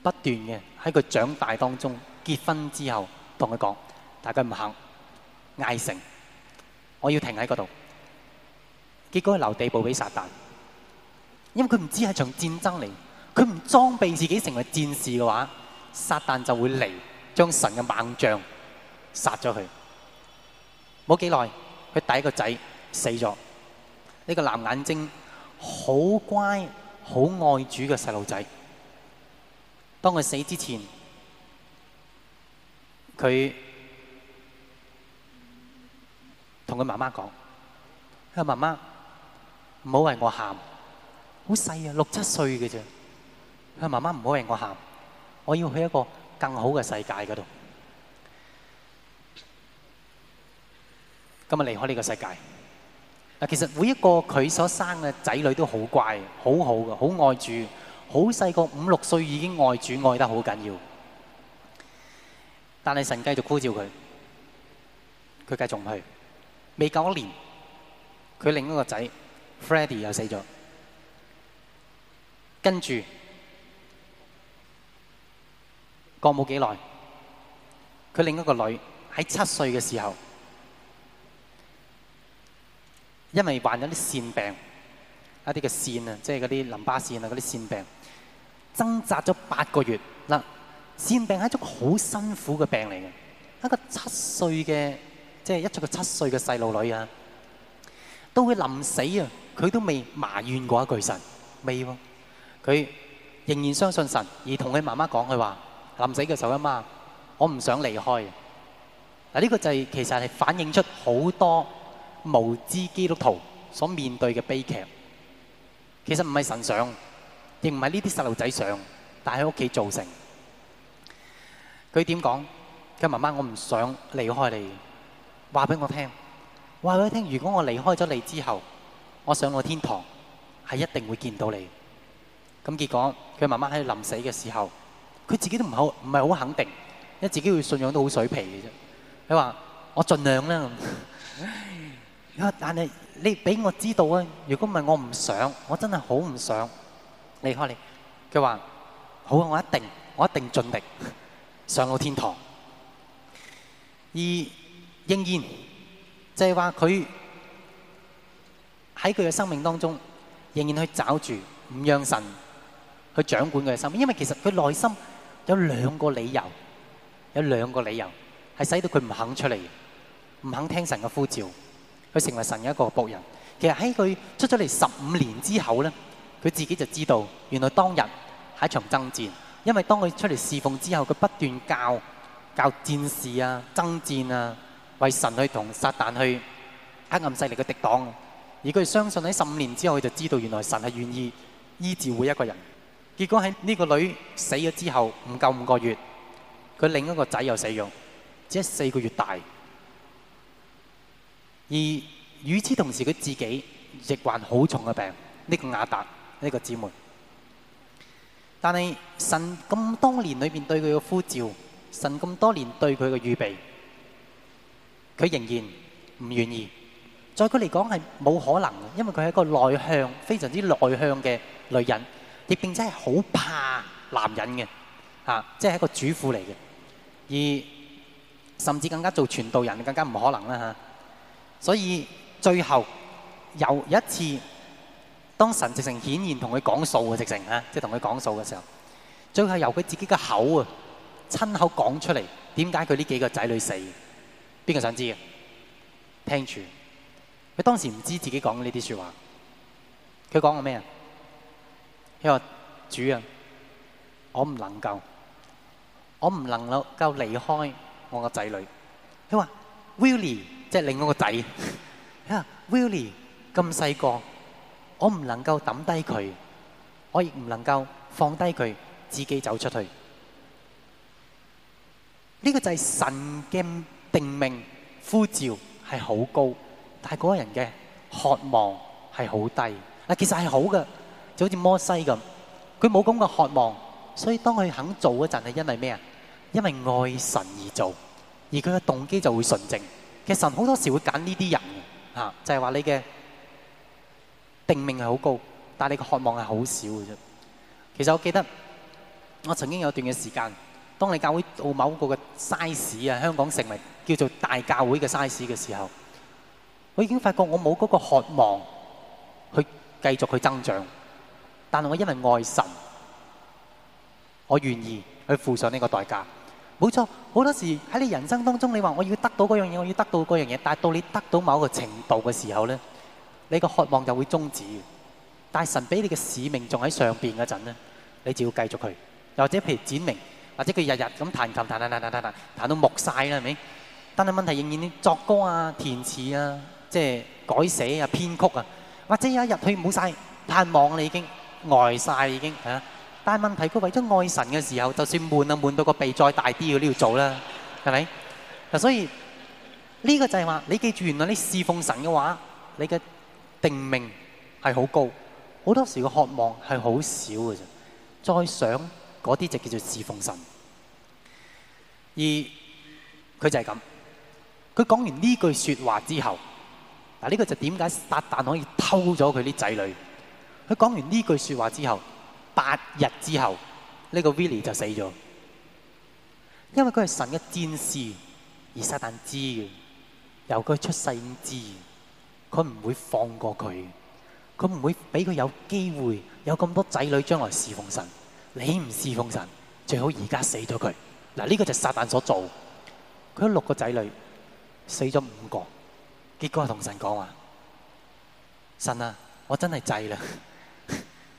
不斷嘅喺佢長大當中。結婚之後跟說，同佢講：，但佢唔肯，嗌成，我要停喺嗰度。結果留地步俾撒旦，因為佢唔知係場戰爭嚟，佢唔裝備自己成為戰士嘅話，撒旦就會嚟，將神嘅猛將殺咗佢。冇幾耐，佢第一個仔死咗，呢、這個藍眼睛、好乖、好愛主嘅細路仔。當佢死之前，佢同佢媽媽講：，佢媽媽，唔好為我喊，好細啊，六七歲嘅啫。佢媽媽，唔好為我喊，我要去一個更好嘅世界嗰度，今日離開呢個世界。嗱，其實每一個佢所生嘅仔女都好乖，好好嘅，好愛主，好細個五六歲已經愛主，愛得好緊要。但係神繼續呼召佢，佢繼續唔去。未夠一年，佢另一個仔 Freddy 又死咗。跟住過冇幾耐，佢另一個女喺七歲嘅時候，因為患咗啲腺病，一啲嘅腺啊，即係嗰啲淋巴腺啊，嗰啲腺病，掙扎咗八個月嗱。善病係一種好辛苦嘅病嚟嘅，一個七歲嘅，即係一出個七歲嘅細路女啊，到佢臨死啊，佢都未埋怨過一句神，未，佢仍然相信神，而同佢媽媽講，佢話臨死嘅時候，阿媽，我唔想離開。嗱，呢個就係其實係反映出好多無知基督徒所面對嘅悲劇。其實唔係神想，亦唔係呢啲細路仔想，但係喺屋企造成。佢點講？佢媽媽，我唔想離開你，話俾我聽，話俾我聽。如果我離開咗你之後，我上到天堂係一定會見到你。咁結果佢媽媽喺臨死嘅時候，佢自己都唔好，唔係好肯定，因為自己會信仰到好水皮嘅啫。佢話：我盡量啦。唉，但係你俾我知道啊！如果唔係我唔想，我真係好唔想離開你。佢話：好啊，我一定，我一定盡力。上到天堂，而仍然就係話佢喺佢嘅生命當中仍然去找住唔讓神去掌管佢嘅生命，因為其實佢內心有兩個理由，有兩個理由係使到佢唔肯出嚟，唔肯聽神嘅呼召，佢成為神嘅一個僕人。其實喺佢出咗嚟十五年之後咧，佢自己就知道原來當日係一場爭戰。因為當佢出嚟侍奉之後，佢不斷教教戰士啊、爭戰啊，為神去同撒旦去黑暗勢力嘅敵擋。而佢相信喺十五年之後，佢就知道原來神係願意醫治每一個人。結果喺呢個女死咗之後，唔夠五個月，佢另一個仔又死咗，只係四個月大。而與此同時，佢自己亦患好重嘅病。呢、這個亞達，呢、這個姊妹。但係神咁多年裏面對佢嘅呼召，神咁多年對佢嘅預備，佢仍然唔願意。在佢嚟講係冇可能，因為佢係一個內向、非常之內向嘅女人，亦並且係好怕男人嘅吓，即係一個主婦嚟嘅，而甚至更加做傳道人更加唔可能啦吓。所以最後又有一次。當神直成顯現同佢講數嘅直情，啊，即係同佢講數嘅時候，最後由佢自己嘅口啊，親口講出嚟點解佢呢幾個仔女死？邊個想知啊？聽住，佢當時唔知自己講呢啲説話。佢講過咩啊？佢話：主啊，我唔能夠，我唔能夠夠離開我個仔女。佢話：Willie 即係另外個仔，啊，Willie 咁細個。Really? 我唔能夠抌低佢，我亦唔能夠放低佢，自己走出去。呢個就係神嘅定命呼召，係好高，但係嗰個人嘅渴望係好低。嗱，其實係好嘅，就好似摩西咁，佢冇咁嘅渴望，所以當佢肯做嗰陣，係因為咩啊？因為愛神而做，而佢嘅動機就會純正。其實神好多時會揀呢啲人，吓就係話你嘅。定命係好高，但係你嘅渴望係好少嘅啫。其實我記得，我曾經有段嘅時間，當你教會到某個嘅 size 啊，香港成為叫做大教會嘅 size 嘅時候，我已經發覺我冇嗰個渴望去繼續去增長。但係我因為愛神，我願意去付上呢個代價。冇錯，好多時喺你人生當中，你話我要得到嗰樣嘢，我要得到嗰樣嘢，但係到你得到某一個程度嘅時候咧。你個渴望就會終止，但係神俾你嘅使命仲喺上邊嗰陣咧，你就要繼續佢。又或者譬如展明，或者佢日日咁彈琴彈彈彈彈彈彈，彈到木晒啦，係咪？但係問題仍然你作歌啊、填詞啊、即係改寫啊、編曲啊，或者有一日佢冇晒盼望，你已經呆晒已經吓。但係問題佢為咗愛神嘅時候，就算悶啊悶到個鼻再大啲，我都要做啦，係咪？嗱，所以呢個就係話，你記住，原來你侍奉神嘅話，你嘅。性命係好高，好多時個渴望係好少嘅啫。再想嗰啲就叫做侍奉神。而佢就係咁，佢講完呢句說話之後，嗱、這、呢個就點解撒旦可以偷咗佢啲仔女？佢講完呢句說話之後，八日之後呢、這個 Willie 就死咗，因為佢係神嘅天使。而撒旦知嘅，由佢出世唔知。佢唔會放過佢，佢唔會俾佢有機會有咁多仔女將來侍奉神。你唔侍奉神，最好而家死咗佢。嗱、這、呢個就係撒旦所做。佢有六個仔女，死咗五個，結果係同神講話：神啊，我真係制啦，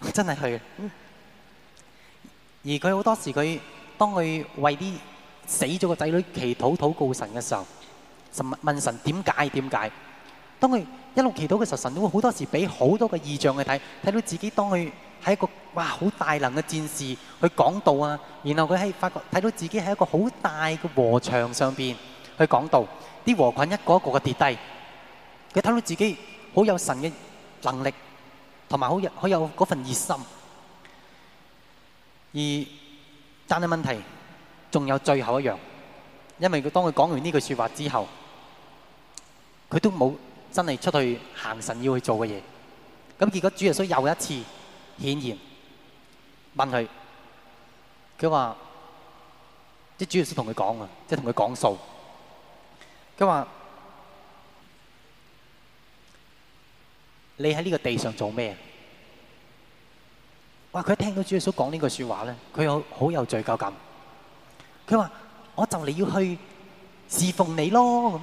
我真係去。 而佢好多時佢當佢為啲死咗個仔女祈禱禱告神嘅時候，神問神點解點解？當佢。一路祈禱嘅時候，神都會好多時俾好多嘅異象去睇，睇到自己當佢喺一個哇好大能嘅戰士去講道啊！然後佢喺發覺睇到自己喺一個好大嘅禾場上邊去講道，啲禾捆一個一個嘅跌低，佢睇到自己好有神嘅能力，同埋好有好有嗰份熱心。而但係問題仲有最後一樣，因為佢當佢講完呢句説話之後，佢都冇。真係出去行神要去做嘅嘢，咁結果主耶穌又一次顯現問佢，佢話即係主耶穌同佢講啊，即係同佢講數，佢話你喺呢個地上做咩啊？哇！佢一聽到主耶穌講呢句說話咧，佢有好有罪疚感，佢話我就嚟要去侍奉你咯，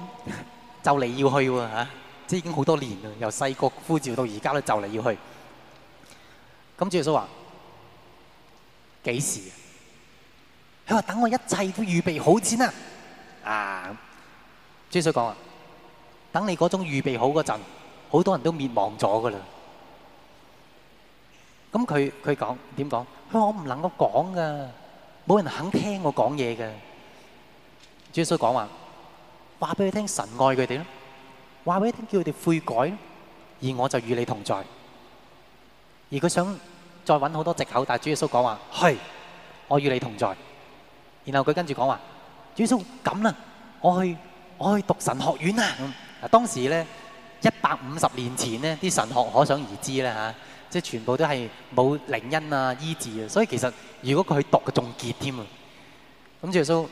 咁就嚟要去喎吓。即已經好多年啦，由細個呼召到而家咧就嚟要去。咁主耶穌話：幾時？佢話等我一切都預備好先啦。啊，主耶穌講等你嗰種預備好嗰陣，好多人都滅亡咗噶啦。咁佢佢講點講？佢話我唔能夠講噶，冇人肯聽我講嘢嘅。主耶穌講話，話俾佢聽神愛佢哋啦。話俾佢聽叫佢哋悔改，而我就與你同在。而佢想再揾好多藉口，但係主耶穌講話：係，我與你同在。然後佢跟住講話：主耶穌咁啦，我去我去讀神學院啊。嗱，當時咧一百五十年前咧，啲神學可想而知啦吓，即係全部都係冇靈恩啊、醫治啊。所以其實如果佢去讀嘅仲結添啊。咁主耶穌。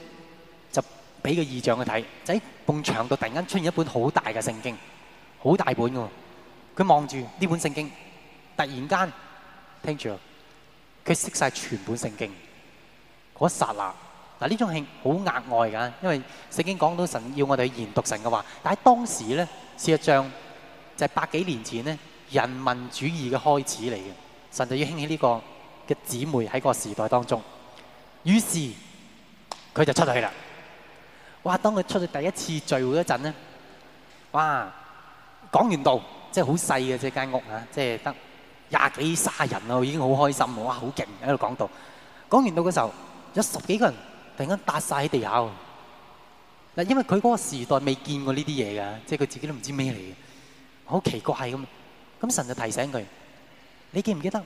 俾個異象去睇，就，喺埲牆度突然間出現一本好大嘅聖經，好大本嘅。佢望住呢本聖經，突然間聽住佢識晒全本聖經嗰剎那,那，嗱呢種係好額外噶，因為聖經講到神要我哋去研讀神嘅話，但係當時咧，事實上就係百幾年前咧，人民主義嘅開始嚟嘅。神就要興起呢個嘅姊妹喺個時代當中，於是佢就出咗去啦。哇！當佢出咗第一次聚會嗰陣咧，哇！講完道，即係好細嘅，即係間屋啊，即係得廿幾卅人咯，已經好開心喎！哇，好勁喺度講道。講完道嘅時候，有十幾個人突然間跌晒喺地下。嗱，因為佢嗰個時代未見過呢啲嘢㗎，即係佢自己都唔知咩嚟嘅，好奇怪咁。咁神就提醒佢：你記唔記得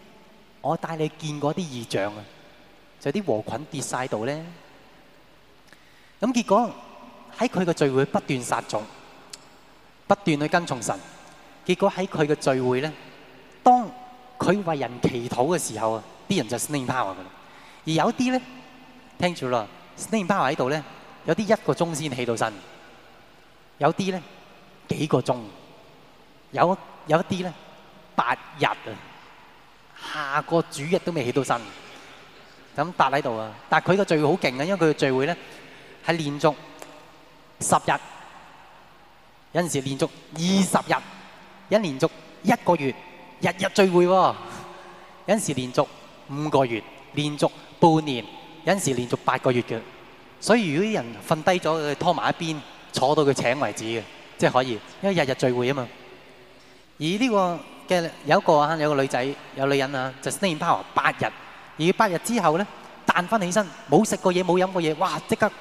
我帶你見過啲異象啊？就啲禾捆跌晒度咧。咁結果喺佢嘅聚會不斷殺眾，不斷去跟從神。結果喺佢嘅聚會咧，當佢為人祈禱嘅時候啊，啲人就 sniper 嘅。而有啲咧，聽住啦，sniper 喺度咧，有啲一個鐘先起到身，有啲咧幾個鐘，有有一啲咧八日啊，下個主日都未起到身，咁搭喺度啊。但係佢嘅聚會好勁啊，因為佢嘅聚會咧。係連續十日，有陣時連續二十日，有陣時連續一個月，日日聚會喎。有陣時連續五個月，連續半年，有陣時連續八個月嘅。所以如果啲人瞓低咗，佢拖埋一邊，坐到佢請為止嘅，即係可以，因為日日聚會啊嘛。而呢個嘅有一個啊，有個女仔，有女人啊，就 stay power 八日，而八日之後咧彈翻起身，冇食過嘢，冇飲過嘢，哇！即刻～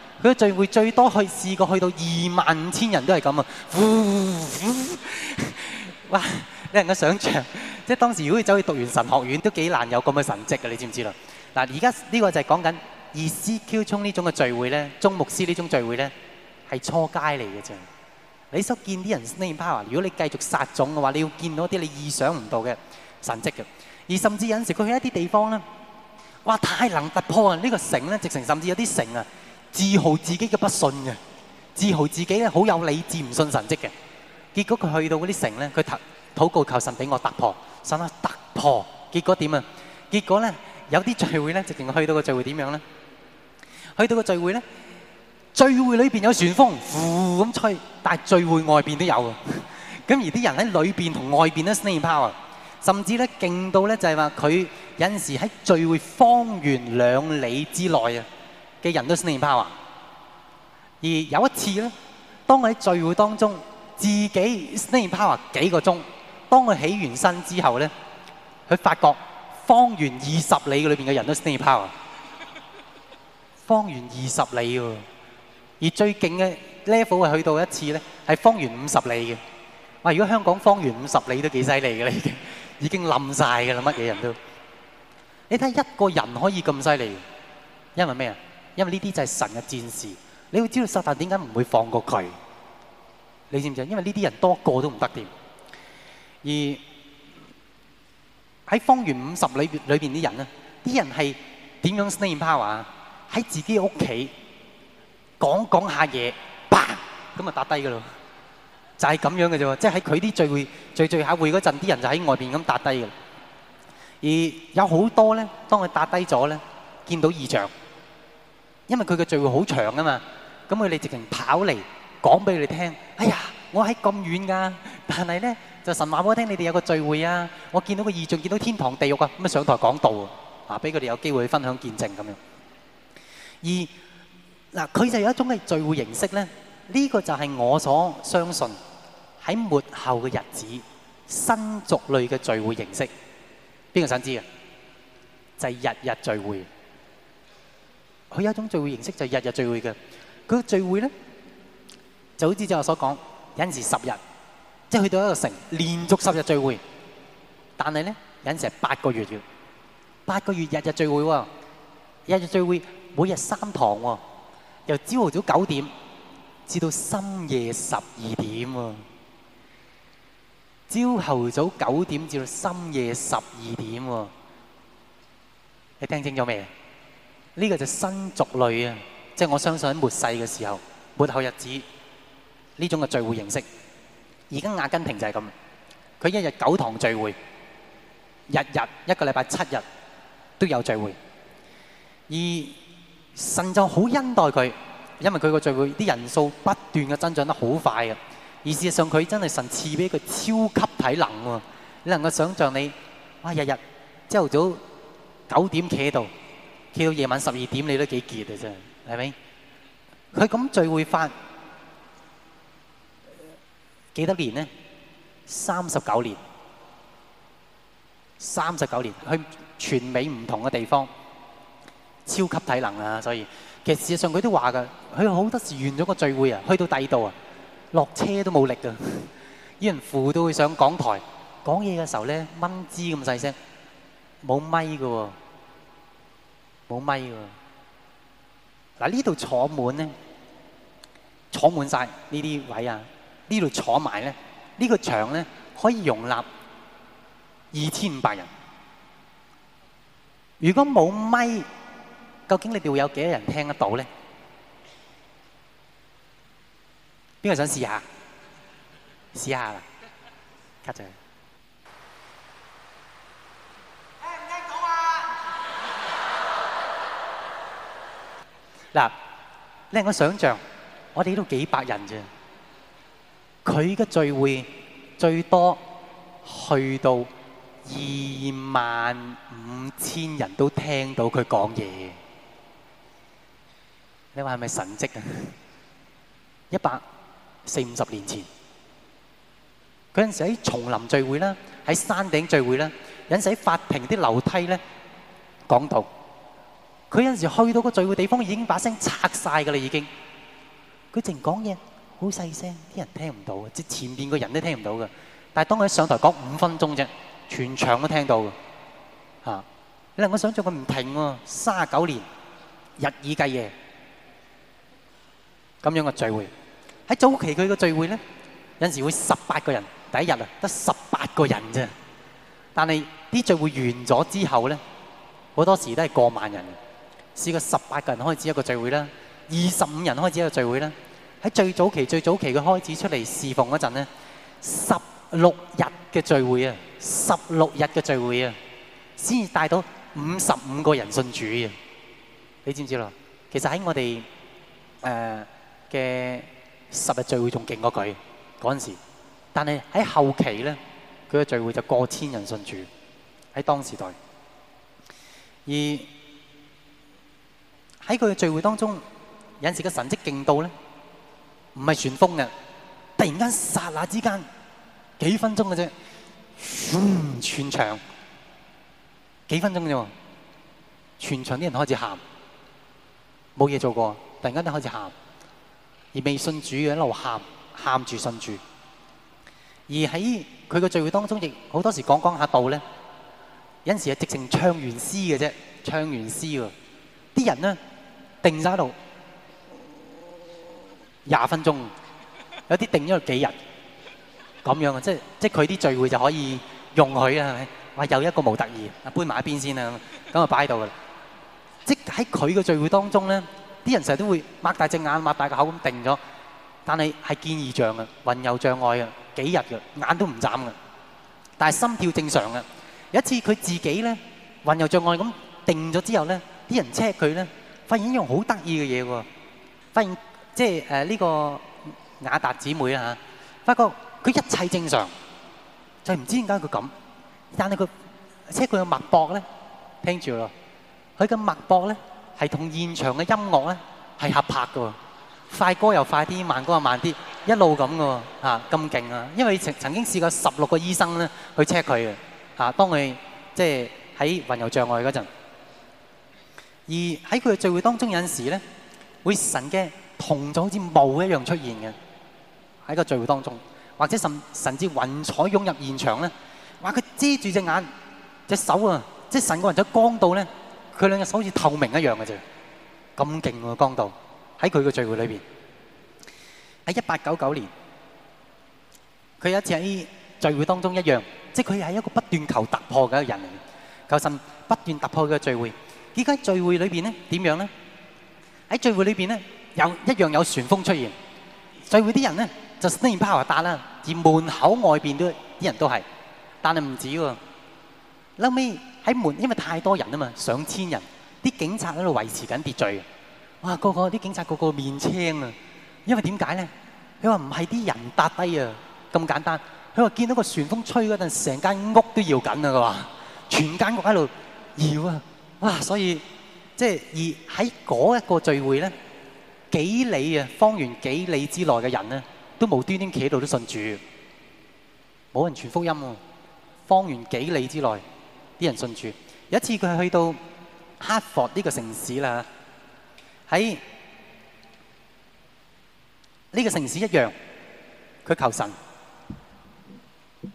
佢嘅聚會最多去試過去到二萬五千人都係咁啊！哇，令人嘅想象。即係當時如果你走去讀完神學院，都幾難有咁嘅神跡啊。你知唔知啦？嗱，而家呢個就係講緊二 CQ 充呢種嘅聚會咧，中牧師呢種聚會咧係初階嚟嘅啫。你所見啲人呢啲 power，如果你繼續撒種嘅話，你要見到啲你意想唔到嘅神跡嘅。而甚至有陣時佢去一啲地方咧，哇！太能突破啊！呢、呢個城咧，直情甚至有啲城啊！自豪自己嘅不信嘅，自豪自己咧好有理智唔信神蹟嘅，結果佢去到嗰啲城咧，佢禱禱告求神俾我突破，神啊突破，結果點啊？結果咧有啲聚會咧，直情去到個聚會點樣咧？去到個聚會咧，聚會裏邊有旋風，呼呼咁吹，但係聚會外邊都有，啊。咁而啲人喺裏邊同外邊咧撕 power 甚至咧勁到咧就係話佢有陣時喺聚會方圓兩里之內啊。嘅人都 s n e a k power，而有一次咧，當我喺聚會當中自己 s n e a k power 幾個鐘，當佢起完身之後咧，佢發覺，方圓二十里裏面嘅人都 s n e a k power，方圓二十里喎，而最勁嘅 level 去到一次咧，係方圓五十里嘅。哇！如果香港方圓五十里都幾犀利嘅，已經冧晒嘅啦，乜嘢人都。你睇一個人可以咁犀利，因為咩啊？因為呢啲就係神嘅戰士，你會知道撒但點解唔會放過佢，你知唔知啊？因為呢啲人多個都唔得掂，而喺方圓五十里裏邊啲人咧，啲人係點樣 stay power 啊？喺自己屋企講講下嘢，叭咁就打低噶咯，就係咁樣嘅啫。即係喺佢啲聚會聚聚下會嗰陣，啲人就喺外邊咁打低嘅。而有好多咧，當佢打低咗咧，見到異象。因為佢嘅聚會好長啊嘛，咁佢哋直情跑嚟講俾你聽，哎呀，我喺咁遠噶，但係咧就神話俾我聽你哋有個聚會啊，我見到個異象，見到天堂地獄啊，咁啊上台講道啊，啊俾佢哋有機會去分享見證咁樣。而嗱，佢就有一種嘅聚會形式咧，呢個就係我所相信喺末後嘅日子新族類嘅聚會形式，邊個想知啊？就係日日聚會。佢有一種聚會形式就係日日聚會嘅，佢個聚會咧就好似正我所講，有陣時十日，即係去到一個城連續十日聚會，但係咧有陣時係八個月嘅，八個月日日聚會喎，日日聚會每日三堂喎，由朝頭早九點至到深夜十二點喎，朝頭早九點至到深夜十二點喎，你聽清楚未？呢個就係新族類啊！即係我相信喺末世嘅時候，末後日子呢種嘅聚會形式，而家阿根廷就係咁，佢一日九堂聚會，日日一個禮拜七日都有聚會。而神就好恩待佢，因為佢個聚會啲人數不斷嘅增長得好快啊。而事實上佢真係神賜俾佢超級體能喎，啊，你能夠想象你哇日日朝早九點企喺度。跳到夜晚十二點，你都幾傑啊！真係咪？佢咁聚會翻幾多年咧？三十九年，三十九年去全美唔同嘅地方，超級體能啊！所以其實事實上佢都話噶，佢好多時完咗個聚會啊，去到第二度啊，落車都冇力啊！啲人扶到佢上講台講嘢嘅時候咧，蚊螆咁細聲，冇咪㗎喎。冇咪喎，嗱，呢度坐滿咧，坐滿晒呢啲位啊，呢度坐埋咧，呢個場咧，可以容納二千五百人。如果冇咪，究竟你哋會有幾多人聽得到咧？邊個想試下？試下啦，睇住。嗱，你諗想像，我哋呢度幾百人啫。佢嘅聚會最多去到二萬五千人都聽到佢講嘢，你話係咪神蹟啊？一百四五十年前，嗰陣時喺叢林聚會啦，喺山頂聚會啦，有時喺法庭啲樓梯咧講道。佢有陣時去到個聚會地方已經把聲拆晒㗎啦，已經。佢淨講嘢，好細聲，啲人聽唔到啊！即前面個人都聽唔到㗎。但係當佢上台講五分鐘啫，全場都聽到㗎。嚇、啊！你諗我想象佢唔停喎、啊，三十九年，日以繼夜，咁樣嘅聚會。喺早期佢個聚會咧，有陣時會十八個人，第一日啊得十八個人啫。但係啲聚會完咗之後咧，好多時都係過萬人。試過十八個人開始一個聚會啦，二十五人開始一個聚會啦。喺最早期、最早期佢開始出嚟侍奉嗰陣咧，十六日嘅聚會啊，十六日嘅聚會啊，先至帶到五十五個人信主啊。你知唔知啦？其實喺我哋誒嘅十日聚會仲勁過佢嗰陣時，但係喺後期咧，佢嘅聚會就過千人信主喺當時代。而喺佢嘅聚會當中，有陣時神蹟勁到咧，唔係旋風嘅，突然間剎那之間，幾分鐘嘅啫，唔，全場，幾分鐘啫喎，全場啲人開始喊，冇嘢做過，突然間都開始喊，而未信主嘅一路喊，喊住信主。而喺佢嘅聚會當中，亦好多時講講下道咧，有陣時係直情唱完詩嘅啫，唱完詩喎，啲人呢。定晒喺度廿分鐘，有啲定咗幾日咁樣啊！即係即係佢啲聚會就可以容許啊，係咪？哇！又一個無得意，啊搬埋一邊先啦，咁就擺喺度啦。即係喺佢嘅聚會當中咧，啲人成日都會擘大隻眼、擘大個口咁定咗，但係係見異象嘅，魂遊障礙嘅，幾日嘅眼都唔眨嘅，但係心跳正常嘅。有一次佢自己咧魂遊障礙咁定咗之後咧，啲人 check 佢咧。發現一樣好得意嘅嘢喎！發現即係誒呢個雅達姊妹啦嚇，發覺佢一切正常，就係唔知點解佢咁。但係佢 check 佢嘅脈搏咧，聽住咯，佢嘅脈搏咧係同現場嘅音樂咧係合拍嘅喎。快歌又快啲，慢歌又慢啲，一路咁嘅喎嚇，咁勁啊！因為曾曾經試過十六個醫生咧去 check 佢嘅嚇，當佢即係喺混遊障礙嗰陣。而喺佢嘅聚會當中，有陣時咧會神嘅同咗好似霧一樣出現嘅喺個聚會當中，或者甚甚至雲彩湧入現場咧，話佢遮住隻眼隻手啊，即係神嘅雲彩光度咧，佢兩隻手好似透明一樣嘅啫，咁勁喎！光度喺佢嘅聚會裏邊。喺一八九九年，佢有一次喺聚會當中一樣，即係佢係一個不斷求突破嘅人嚟，求神不斷突破佢嘅聚會。佢喺聚會裏邊咧點樣咧？喺聚會裏邊咧，有一樣有旋風出現。聚會啲人咧就拎爆彈啦，drive, 而門口外邊都啲人都係，但係唔止喎。後尾喺門，因為太多人啊嘛，上千人，啲警察喺度維持緊秩序。哇，個個啲警察個個面青啊！因為點解咧？佢話唔係啲人搭低啊，咁簡單。佢話見到個旋風吹嗰陣，成間屋都搖緊啊！佢話全間屋喺度搖啊！哇！所以即係而喺嗰一個聚會咧，幾里啊，方圓幾里之內嘅人咧，都無端端企喺度都信主。冇人傳福音，方圓幾里之內啲人信主。有一次佢去到哈佛呢個城市啦，喺呢個城市一樣，佢求神，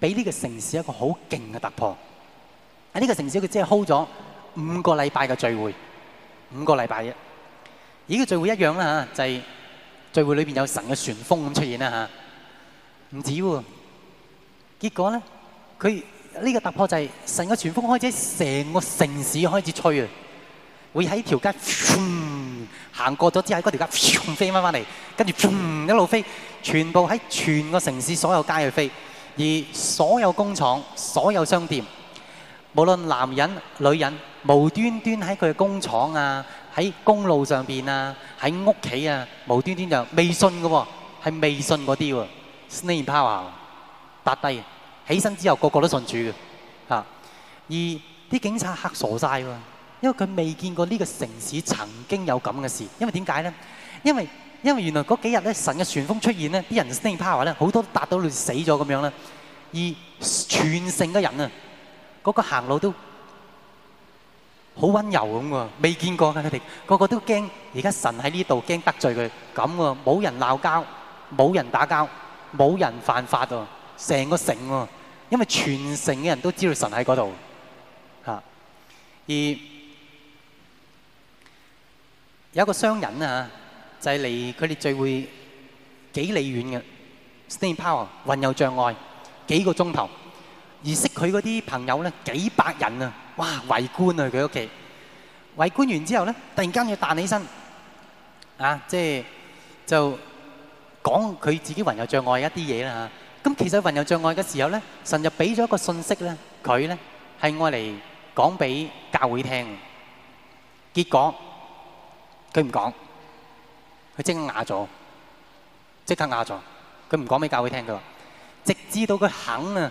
俾呢個城市一個好勁嘅突破。喺呢個城市佢真係 hold 咗。五個禮拜嘅聚會，五個禮拜嘅，而個聚會一樣啦吓，就係、是、聚會裏邊有神嘅旋風咁出現啦吓，唔止，結果咧，佢呢、這個突破就係、是、神嘅旋風開始成個城市開始吹啊，會喺條街，行過咗之後嗰條街飛翻翻嚟，跟住一路飛，全部喺全個城市所有街去飛，而所有工廠、所有商店。無論男人、女人，無端端喺佢嘅工廠啊，喺公路上邊啊，喺屋企啊，無端端就未信嘅喎，係未信嗰啲喎，slain in power 啊，打低，起身之後個個都信主嘅嚇，而啲警察嚇傻曬喎，因為佢未見過呢個城市曾經有咁嘅事，因為點解咧？因為因為原來嗰幾日咧，神嘅旋風出現咧，啲人 slain in power 咧，好多打到死咗咁樣咧，而全城嘅人啊。嗰個行路都好温柔咁喎，未見過㗎，佢哋，個個都驚。而家神喺呢度，驚得罪佢咁喎，冇人鬧交，冇人打交，冇人犯法喎，成個城喎，因為全城嘅人都知道神喺嗰度嚇。而有一個商人啊，就係離佢哋聚會幾里遠嘅，stay power，雲有障礙幾個鐘頭。而識佢嗰啲朋友咧，幾百人啊！哇，圍觀啊！佢屋企圍觀完之後咧，突然間要彈起身啊！即係就講佢自己患有障礙一啲嘢啦。咁其實患有障礙嘅時候咧，神就俾咗一個信息咧，佢咧係愛嚟講俾教會聽。結果佢唔講，佢即刻啞咗，即刻啞咗，佢唔講俾教會聽噶啦。直至到佢肯啊！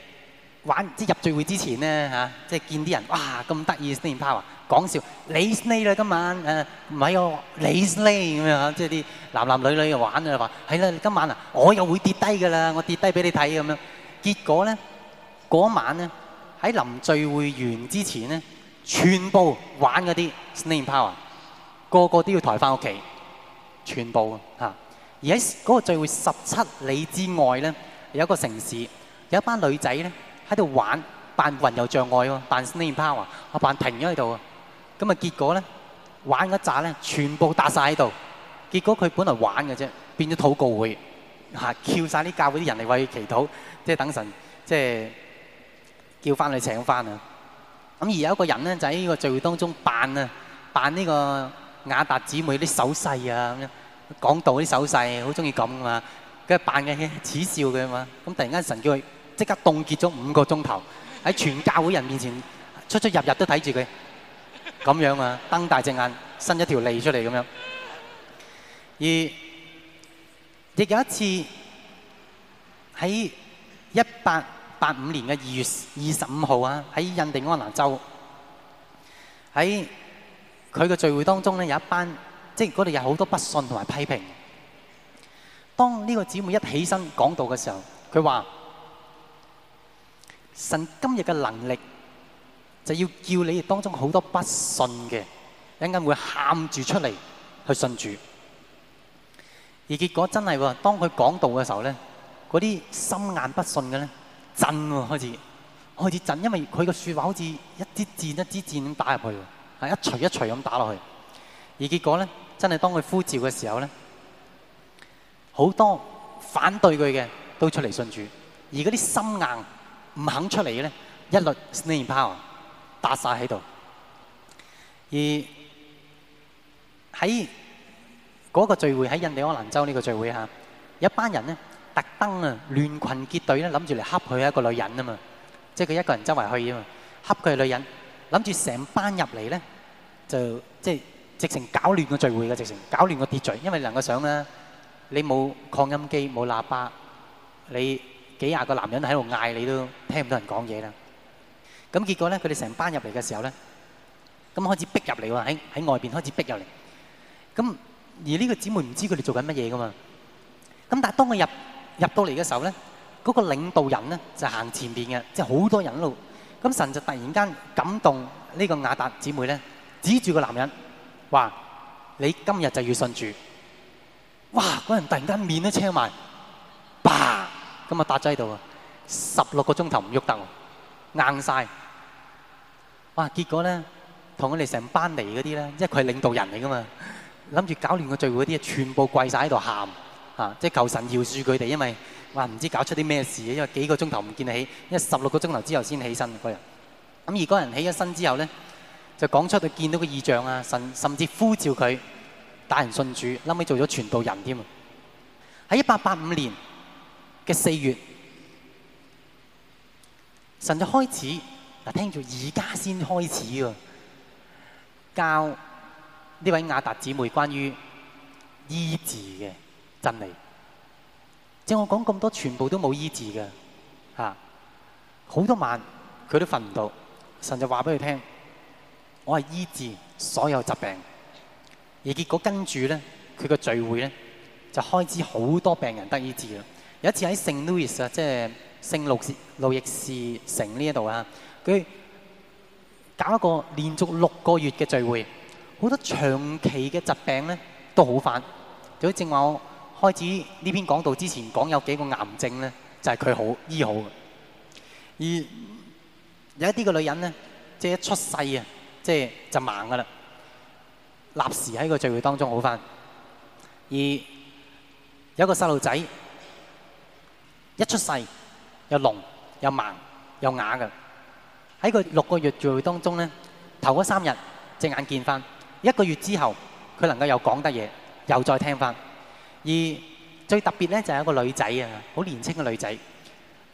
玩即係入聚會之前咧、啊、即係見啲人哇咁得意，slain power 講笑，你 slain 啦今晚，唔係喎你 slain 咁樣，即係啲男男女女玩咧，話係啦今晚啊，我又會跌低㗎啦，我跌低俾你睇咁樣。結果咧嗰晚咧喺臨聚會完之前咧，全部玩嗰啲 slain power 個個都要抬翻屋企，全部、啊、而喺嗰個聚會十七里之外咧，有一個城市有一班女仔咧。喺度玩扮魂遊障礙喎，扮呢 part 啊，我扮停咗喺度，咁啊，結果咧玩嗰扎咧全部打曬喺度，結果佢本嚟玩嘅啫，變咗禱告會嚇，翹曬啲教會啲人嚟為佢祈禱，即係等神即係叫翻嚟請翻啊！咁而有一個人咧就喺呢個聚會當中扮啊，扮呢個雅達姊妹啲手勢啊咁樣，講道啲手勢，好中意咁啊，佢係扮嘅，恥笑嘅嘛，咁突然間神叫佢。即刻凍結咗五個鐘頭，喺全教會人面前出出入入都睇住佢，咁樣啊，瞪大隻眼，伸一條脷出嚟咁樣。而亦有一次喺一八八五年嘅二月二十五號啊，喺印第安蘭州喺佢嘅聚會當中咧，有一班即係嗰度有好多不信同埋批評。當呢個姊妹一起身講道嘅時候，佢話。神今日嘅能力就要叫你哋當中好多不信嘅，一陣間會喊住出嚟去信主，而結果真係當佢講道嘅時候咧，嗰啲心硬不信嘅咧震開始開始震,開始震，因為佢嘅說話好似一支箭一支箭咁打入去，係一錘一錘咁打落去。而結果咧，真係當佢呼召嘅時候咧，好多反對佢嘅都出嚟信主，而嗰啲心硬。唔肯出嚟咧，一輪砲打曬喺度。而喺嗰個聚會喺印第安蘭州呢個聚會嚇，一班人呢，特登啊亂群結隊咧，諗住嚟恰佢一個女人啊嘛，即係佢一個人周圍去啊嘛，恰佢女人，諗住成班入嚟咧就即係直情搞亂個聚會嘅，直情搞亂個秩序，因為你能夠想咧，你冇擴音機冇喇叭，你。幾廿個男人喺度嗌，你都聽唔到人講嘢啦。咁結果咧，佢哋成班入嚟嘅時候咧，咁開始逼入嚟喎，喺喺外邊開始逼入嚟。咁而呢個姊妹唔知佢哋做緊乜嘢噶嘛。咁但係當佢入入到嚟嘅時候咧，嗰個領導人咧就行前邊嘅，即係好多人咯。咁神就突然間感動呢個亞達姊妹咧，指住個男人話：你今日就要信主。哇！嗰人突然間面都青埋，吧。咁啊，搭制喺度啊，十六個鐘頭唔喐得，硬晒。哇！結果咧，同佢哋成班嚟嗰啲咧，因為佢係領導人嚟噶嘛，諗住搞亂個聚會嗰啲啊，全部跪晒喺度喊啊！即係求神饒恕佢哋，因為話唔知搞出啲咩事，因為幾個鐘頭唔見起，因為十六個鐘頭之後先起身嗰人。咁而嗰人起咗身之後咧，就講出佢見到嘅異象啊，神甚至呼召佢帶人信主，後起做咗傳道人添啊！喺一八八五年。四月，神就開始嗱，聽住而家先開始啊，教呢位亞達姊妹關於醫治嘅真理。即係我講咁多，全部都冇醫治嘅啊！好多晚佢都瞓唔到，神就話俾佢聽：我係醫治所有疾病。而結果跟住咧，佢個聚會咧就開始好多病人得醫治啦。有一次喺聖路，路易斯聖路易路易士城呢一度，佢搞了一個連續六個月嘅聚會，好多長期嘅疾病呢都好翻。就好正話我開始呢篇講道之前講，有幾個癌症呢就係佢好醫好。而有一啲女人咧，即係、一出世啊，即、就是、就盲噶啦，立時喺這個聚會當中好翻。而有一個細路仔。一出世又聾又盲又啞嘅，喺個六個月聚會當中咧，頭嗰三日隻眼見翻，一個月之後佢能夠又講得嘢，又再聽翻。而最特別咧就係有一個女仔啊，好年輕嘅女仔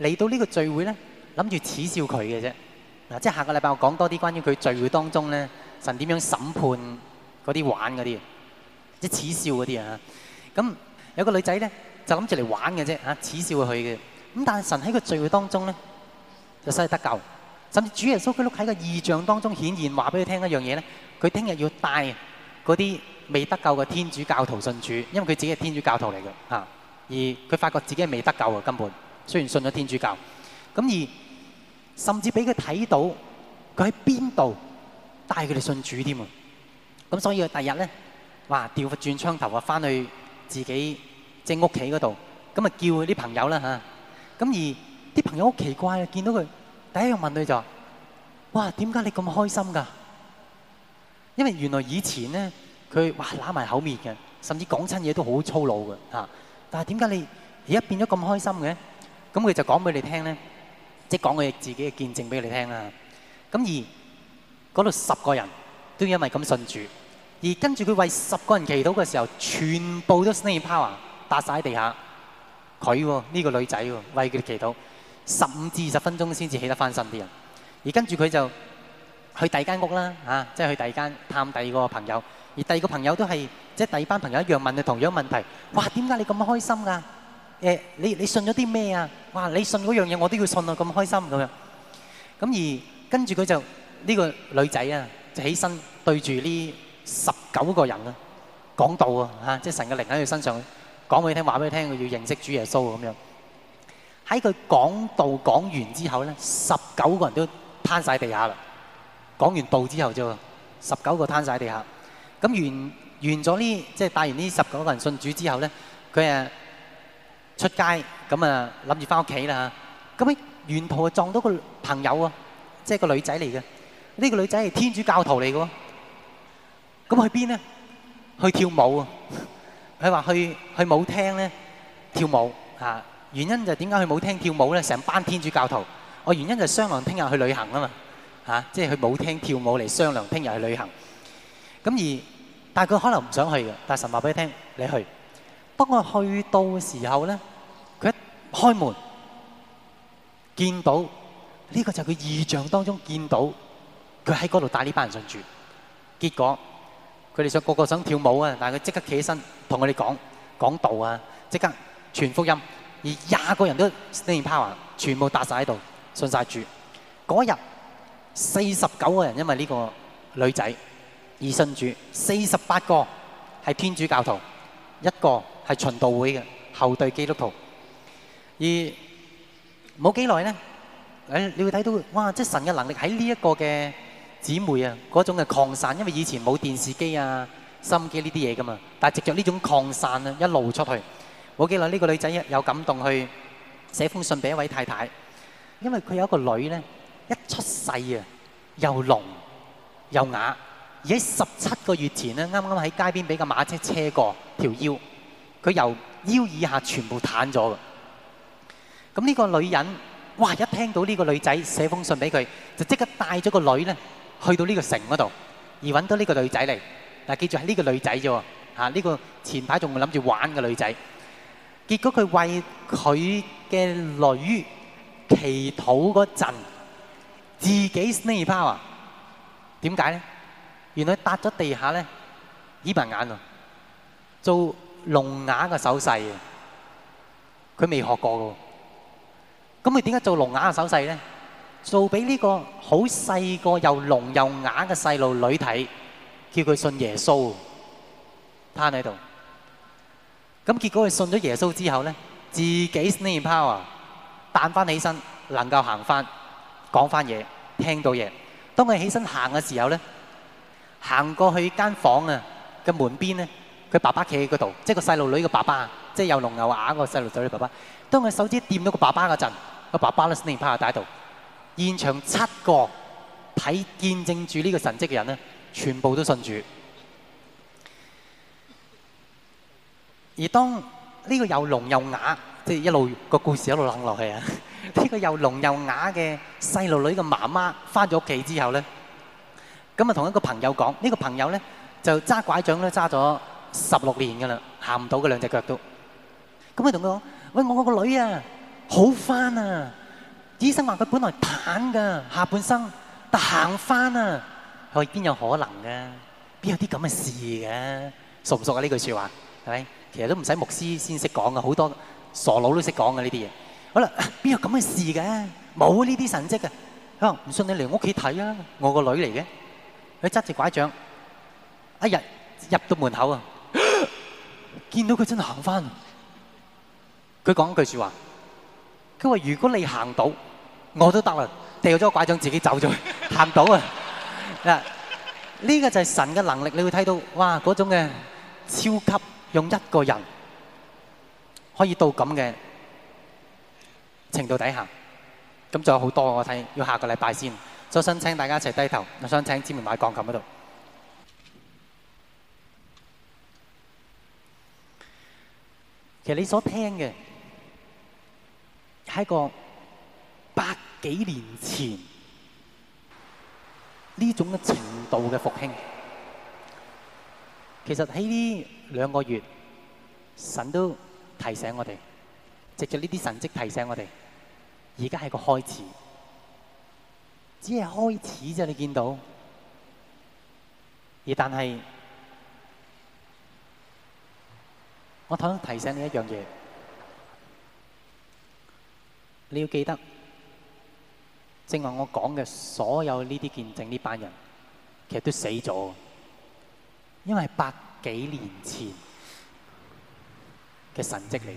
嚟到呢個聚會咧，諗住恥笑佢嘅啫。嗱，即係下個禮拜我講多啲關於佢聚會當中咧，神點樣審判嗰啲玩嗰啲，即係恥笑嗰啲啊。咁有個女仔咧。就諗住嚟玩嘅啫嚇，恥笑佢去嘅。咁但係神喺個聚會當中咧，就使佢得救。甚至主耶穌基督喺個異象當中顯現，話俾佢聽一樣嘢咧，佢聽日要帶嗰啲未得救嘅天主教徒信主，因為佢自己係天主教徒嚟嘅，啊、而佢發覺自己係未得救嘅根本，雖然信咗天主教。咁而甚至俾佢睇到佢喺邊度帶佢哋信主添啊。咁所以佢第日咧，哇，調轉槍頭啊，翻去自己正屋企嗰度，咁咪叫佢啲朋友啦吓。咁而啲朋友好奇怪啊，見到佢第一樣問佢就話，哇，點解你咁開心㗎？因為原來以前咧，佢哇揦埋口面嘅，甚至講親嘢都好粗魯嘅吓。但係點解你而家變咗咁開心嘅？咁佢就講俾你聽咧，即係講佢自己嘅見證俾你聽啦。咁而嗰度十個人都因為咁信主，而跟住佢為十個人祈禱嘅時候，全部都 sniper 啊！笪晒喺地下，佢呢個女仔喎，為佢哋祈禱，十五至二十分鐘先至起得翻身啲人，而跟住佢就去第二間屋啦，吓，即係去第二間探第二個朋友，而第二個朋友都係即係第二班朋友一樣問佢同樣問題，哇，點解你咁開心㗎？誒，你你信咗啲咩啊？哇，你信嗰樣嘢我都要信啊，咁開心咁樣，咁而跟住佢就呢個女仔啊，就起身對住呢十九個人啊，講道啊，吓，即係成個靈喺佢身上。講俾你聽，話俾你聽，佢要認識主耶穌咁樣。喺佢講道講完之後咧，十九個人都攤晒地下啦。講完道之後就十九個攤晒地下。咁完完咗呢，即係帶完呢十九個人信主之後咧，佢啊出街咁啊諗住翻屋企啦。咁喺沿途啊撞到個朋友啊，即係個女仔嚟嘅。呢個女仔係天主教徒嚟嘅。咁去邊咧？去跳舞啊！佢話去去舞廳咧跳舞嚇、啊，原因就點解去舞廳跳舞咧？成班天主教徒，我原因就商量聽日去旅行嘛啊嘛嚇，即係去舞廳跳舞嚟商量聽日去旅行。咁而但係佢可能唔想去嘅，但神話俾你聽，你去。當我去到嘅時候咧，佢一開門，見到呢、這個就係佢意象當中見到佢喺嗰度帶呢班人住，結果。佢哋想個個想跳舞啊！但係佢即刻企起身同我哋講講道啊！即刻傳福音，而廿個人都仍然趴埋，全部打曬喺度信曬主。嗰日四十九個人因為呢個女仔而信主，四十八個係天主教徒，一個係循道會嘅後代基督徒。而冇幾耐咧，你會睇到哇！即係神嘅能力喺呢一個嘅。姊妹啊，嗰種嘅擴散，因為以前冇電視機啊、收音機呢啲嘢噶嘛，但係藉着呢種擴散啊，一路出去。我記得呢個女仔有感動去寫封信俾一位太太，因為佢有一個女咧，一出世啊又聾又啞，而喺十七個月前咧，啱啱喺街邊俾架馬車車過條腰，佢由腰以下全部癱咗。咁呢個女人，哇！一聽到呢個女仔寫封信俾佢，就即刻帶咗個女咧。去到呢個城嗰度，而揾到呢個女仔嚟。嗱，記住係呢個女仔啫喎。嚇，呢個前排仲諗住玩嘅女仔，結果佢為佢嘅女祈禱嗰陣，自己內爆啊！點解咧？原來笪咗地下咧，閉埋眼喎，做聾啞嘅手勢啊！佢未學過嘅，咁佢點解做聾啞嘅手勢咧？做俾呢個好細個又聾又啞嘅細路女睇，叫佢信耶穌，攤喺度。咁結果佢信咗耶穌之後咧，自己 snap Power，彈翻起身，能夠行翻講翻嘢，聽到嘢。當佢起身行嘅時候咧，行過去間房啊嘅門邊咧，佢爸爸企喺嗰度，即係個細路女嘅爸爸，即係又聾又啞個細路仔嘅爸爸。當佢手指掂到個爸爸嗰陣，個爸爸都 snap Power 帶喺度。現場七個睇見證住呢個神蹟嘅人咧，全部都信住。而當呢個又聾又啞，即係一路個故事一路冷落去啊！呢個又聾又啞嘅細路女嘅媽媽翻咗屋企之後咧，咁啊同一個朋友講，呢個朋友咧就揸拐杖咧揸咗十六年㗎啦，行唔到嘅兩隻腳都。咁啊同佢講：喂，我我個女啊，好翻啊！醫生話佢本來癱㗎下半生，但行翻啊，佢邊有可能嘅？邊有啲咁嘅事嘅？熟唔熟啊？呢句説話係咪？其實都唔使牧師先識講嘅，好多傻佬都識講嘅呢啲嘢。好啦，邊有咁嘅事嘅？冇呢啲神跡嘅。唔信你嚟屋企睇啊！我個女嚟嘅，佢揸住枴杖，一日入到門口啊，見到佢真行翻。佢講一句説話。佢話：如果你行到，我都得啦，掉咗個拐杖，自己走咗，行到啊！嗱，呢個就係神嘅能力，你會睇到，哇！嗰種嘅超級，用一個人可以到咁嘅程度底下，咁仲有好多我睇，要下個禮拜先。所以請大家一齊低頭，我想請姊妹埋鋼琴嗰度，其實你所聽嘅。喺個百幾年前呢種嘅程度嘅復興，其實喺呢兩個月，神都提醒我哋，藉着呢啲神蹟提醒我哋，而家係個開始，只係開始啫。你見到，而但係，我頭先提醒你一樣嘢。你要記得，正話我講嘅所有呢啲見證，呢班人其實都死咗，因為是百幾年前嘅神蹟嚟。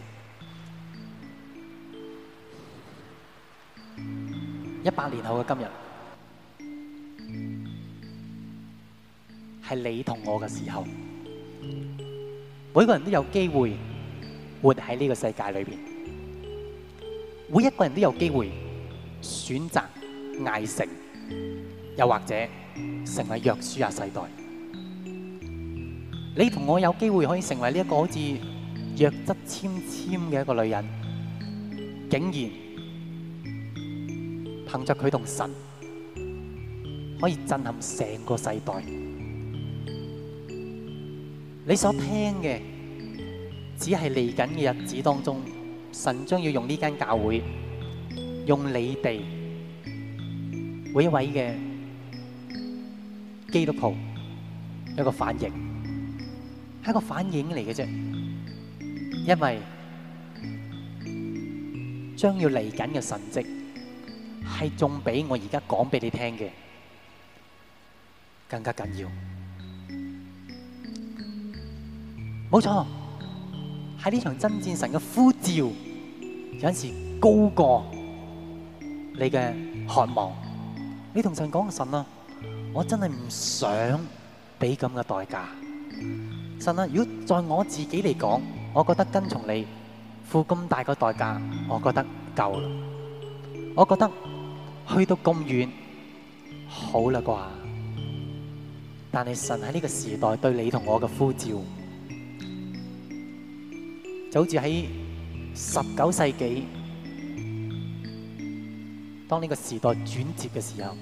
一百年後嘅今日，係你同我嘅時候，每個人都有機會活喺呢個世界裏面。每一個人都有機會選擇捱食，又或者成為約書亞世代。你同我有機會可以成為呢一個好似弱質纖纖嘅一個女人，竟然憑着佢同神可以震撼成個世代。你所聽嘅只係嚟緊嘅日子當中。神將要用呢間教會，用你哋每一位嘅基督徒一個反應，係一個反應嚟嘅啫。因為將要嚟緊嘅神蹟，係仲比我而家講俾你聽嘅更加緊要。冇錯。喺呢場真戰神嘅呼召，有陣時高過你嘅渴望。你同神講，神啊，我真係唔想俾咁嘅代價，神啊！如果在我自己嚟講，我覺得跟從你付咁大個代價，我覺得夠啦。我覺得去到咁遠好啦啩。但係神喺呢個時代對你同我嘅呼召。就好似喺十九世紀，當呢個時代轉折嘅時候，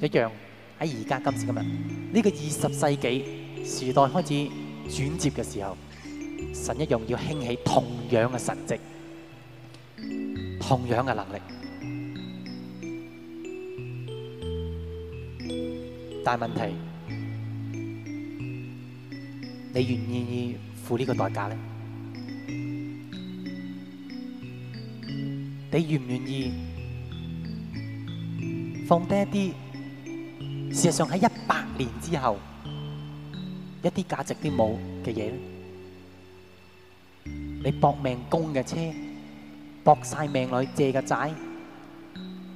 一樣喺而家今時今日，呢、這個二十世紀時代開始轉折嘅時候，神一樣要興起同樣嘅神蹟，同樣嘅能力。但問題，你願唔願意付呢個代價咧？你願唔願意放低一啲，事實上喺一百年之後，一啲價值都冇嘅嘢咧。你搏命供嘅車，搏晒命去借嘅債，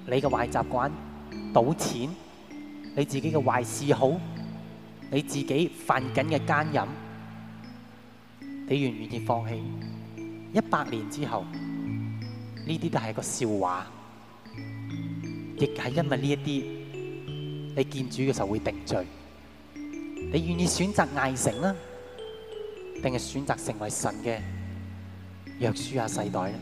你嘅壞習慣，賭錢，你自己嘅壞事好，你自己犯緊嘅奸淫，你願唔願意放棄？一百年之後。呢啲都係個笑話，亦係因為呢一啲，你見主嘅時候會定罪。你願意選擇艾城啊，定係選擇成為神嘅約書亞、啊、世代咧？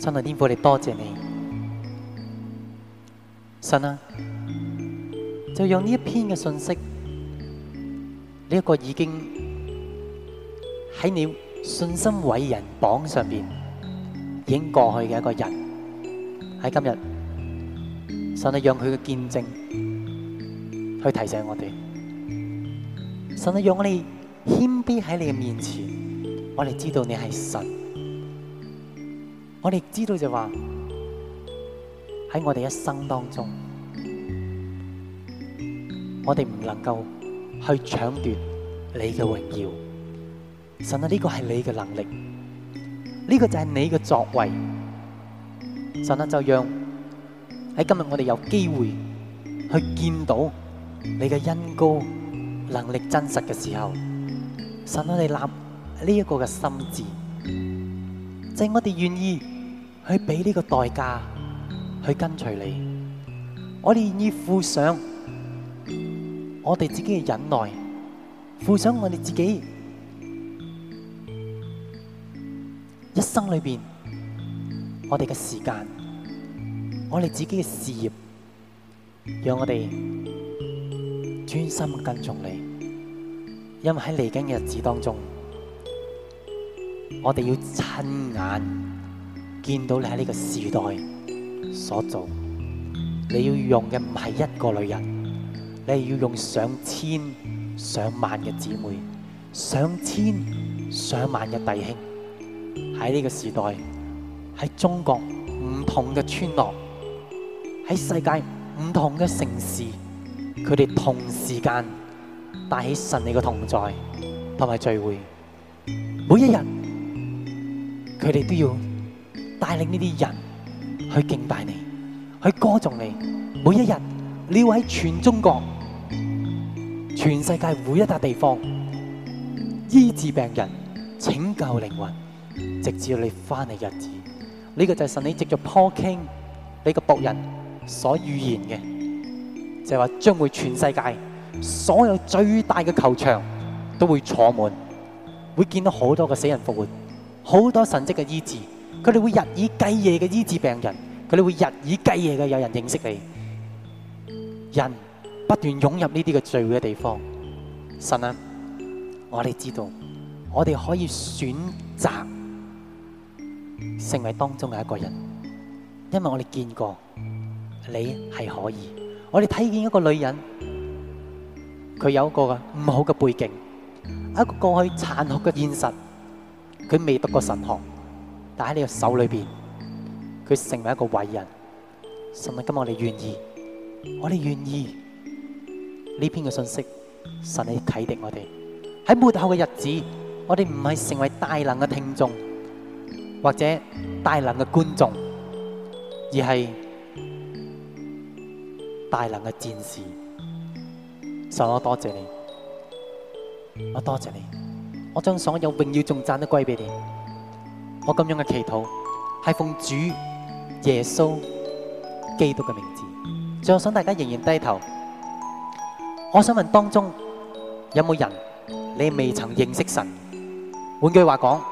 真係天父，我哋多謝，謝你，神啊！就用呢一篇嘅信息，呢、這、一個已經。喺你信心偉人榜上邊已經過去嘅一個人，喺今日，神啊讓佢嘅見證去提醒我哋，神啊讓我哋謙卑喺你嘅面前，我哋知道你係神，我哋知道就話喺我哋一生當中，我哋唔能夠去搶奪你嘅榮耀。神啊，呢、這個係你嘅能力，呢、這個就係你嘅作為。神啊，就讓喺今日我哋有機會去見到你嘅恩膏能力真實嘅時候，神啊，你立呢一個嘅心志，即、就、係、是、我哋願意去俾呢個代價去跟隨你，我哋願意付上我哋自己嘅忍耐，付上我哋自己。一生裏邊，我哋嘅時間，我哋自己嘅事業，讓我哋專心跟從你。因為喺嚟緊嘅日子當中，我哋要親眼見到你喺呢個時代所做。你要用嘅唔係一個女人，你要用上千上萬嘅姊妹，上千上萬嘅弟兄。喺呢個時代，喺中國唔同嘅村落，喺世界唔同嘅城市，佢哋同時間帶起神你嘅同在同埋聚會。每一日，佢哋都要帶領呢啲人去敬拜你，去歌頌你。每一日，你要喺全中國、全世界每一笪地方醫治病人、拯救靈魂。直至到你翻嚟日子，呢個就係神你藉着 Paul Cain 你個僕人所預言嘅，就係話將會全世界所有最大嘅球場都會坐滿，會見到好多嘅死人復活，好多神蹟嘅醫治，佢哋會日以繼夜嘅醫治病人，佢哋會日以繼夜嘅有人認識你，人不斷湧入呢啲嘅聚會嘅地方，神啊，我哋知道，我哋可以選擇。成為當中嘅一個人，因為我哋見過你係可以，我哋睇見一個女人，佢有一個唔好嘅背景，一個過去殘酷嘅現實，佢未讀過神學，但喺你嘅手裏邊，佢成為一個偉人。神啊，今日我哋願意，我哋願意呢篇嘅信息，神你啟迪我哋喺末後嘅日子，我哋唔係成為大能嘅聽眾。或者大量嘅觀眾，而係大量嘅戰士，神，我多謝你，我多謝你，我將所有榮耀仲讚得歸俾你。我咁樣嘅祈禱係奉主耶穌基督嘅名字。最後想大家仍然低頭，我想問當中有冇人你未曾認識神？換句話講。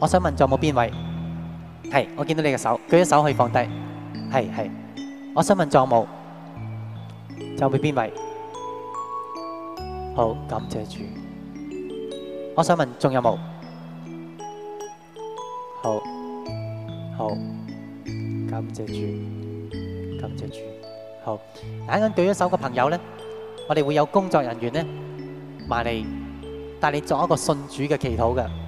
我想問仲有冇邊位？係，我見到你嘅手，舉咗手可以放低。係係，我想問仲有冇？仲有冇邊位？好，感謝主。我想問仲有冇？好好，感謝主，感謝主。好，啱啱舉咗手嘅朋友咧，我哋會有工作人員咧，埋嚟帶你作一個信主嘅祈禱嘅。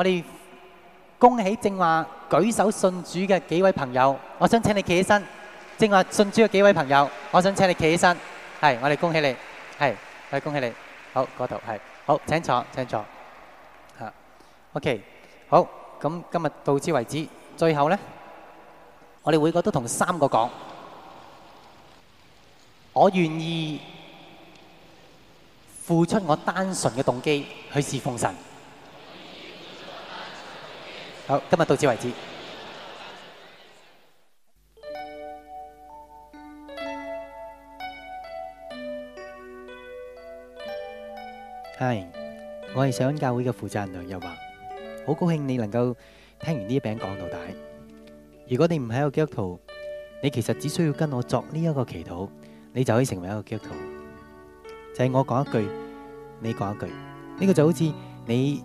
我哋恭喜正話舉手信主嘅幾位朋友，我想請你企起身。正話信主嘅幾位朋友，我想請你企起身。係，我哋恭喜你。係，我哋恭喜你。好，嗰度係。好，請坐，請坐。吓，OK。好，咁今日到此為止。最後咧，我哋每個都同三個講，我願意付出我單純嘅動機去侍奉神。好，今日到此為止。係，我係上恩教會嘅負責人梁日華。好高興你能夠聽完呢一篇講道。如果你唔係一個基督徒，你其實只需要跟我作呢一個祈禱，你就可以成為一個基督徒。就係我講一句，你講一句，呢個就好似你，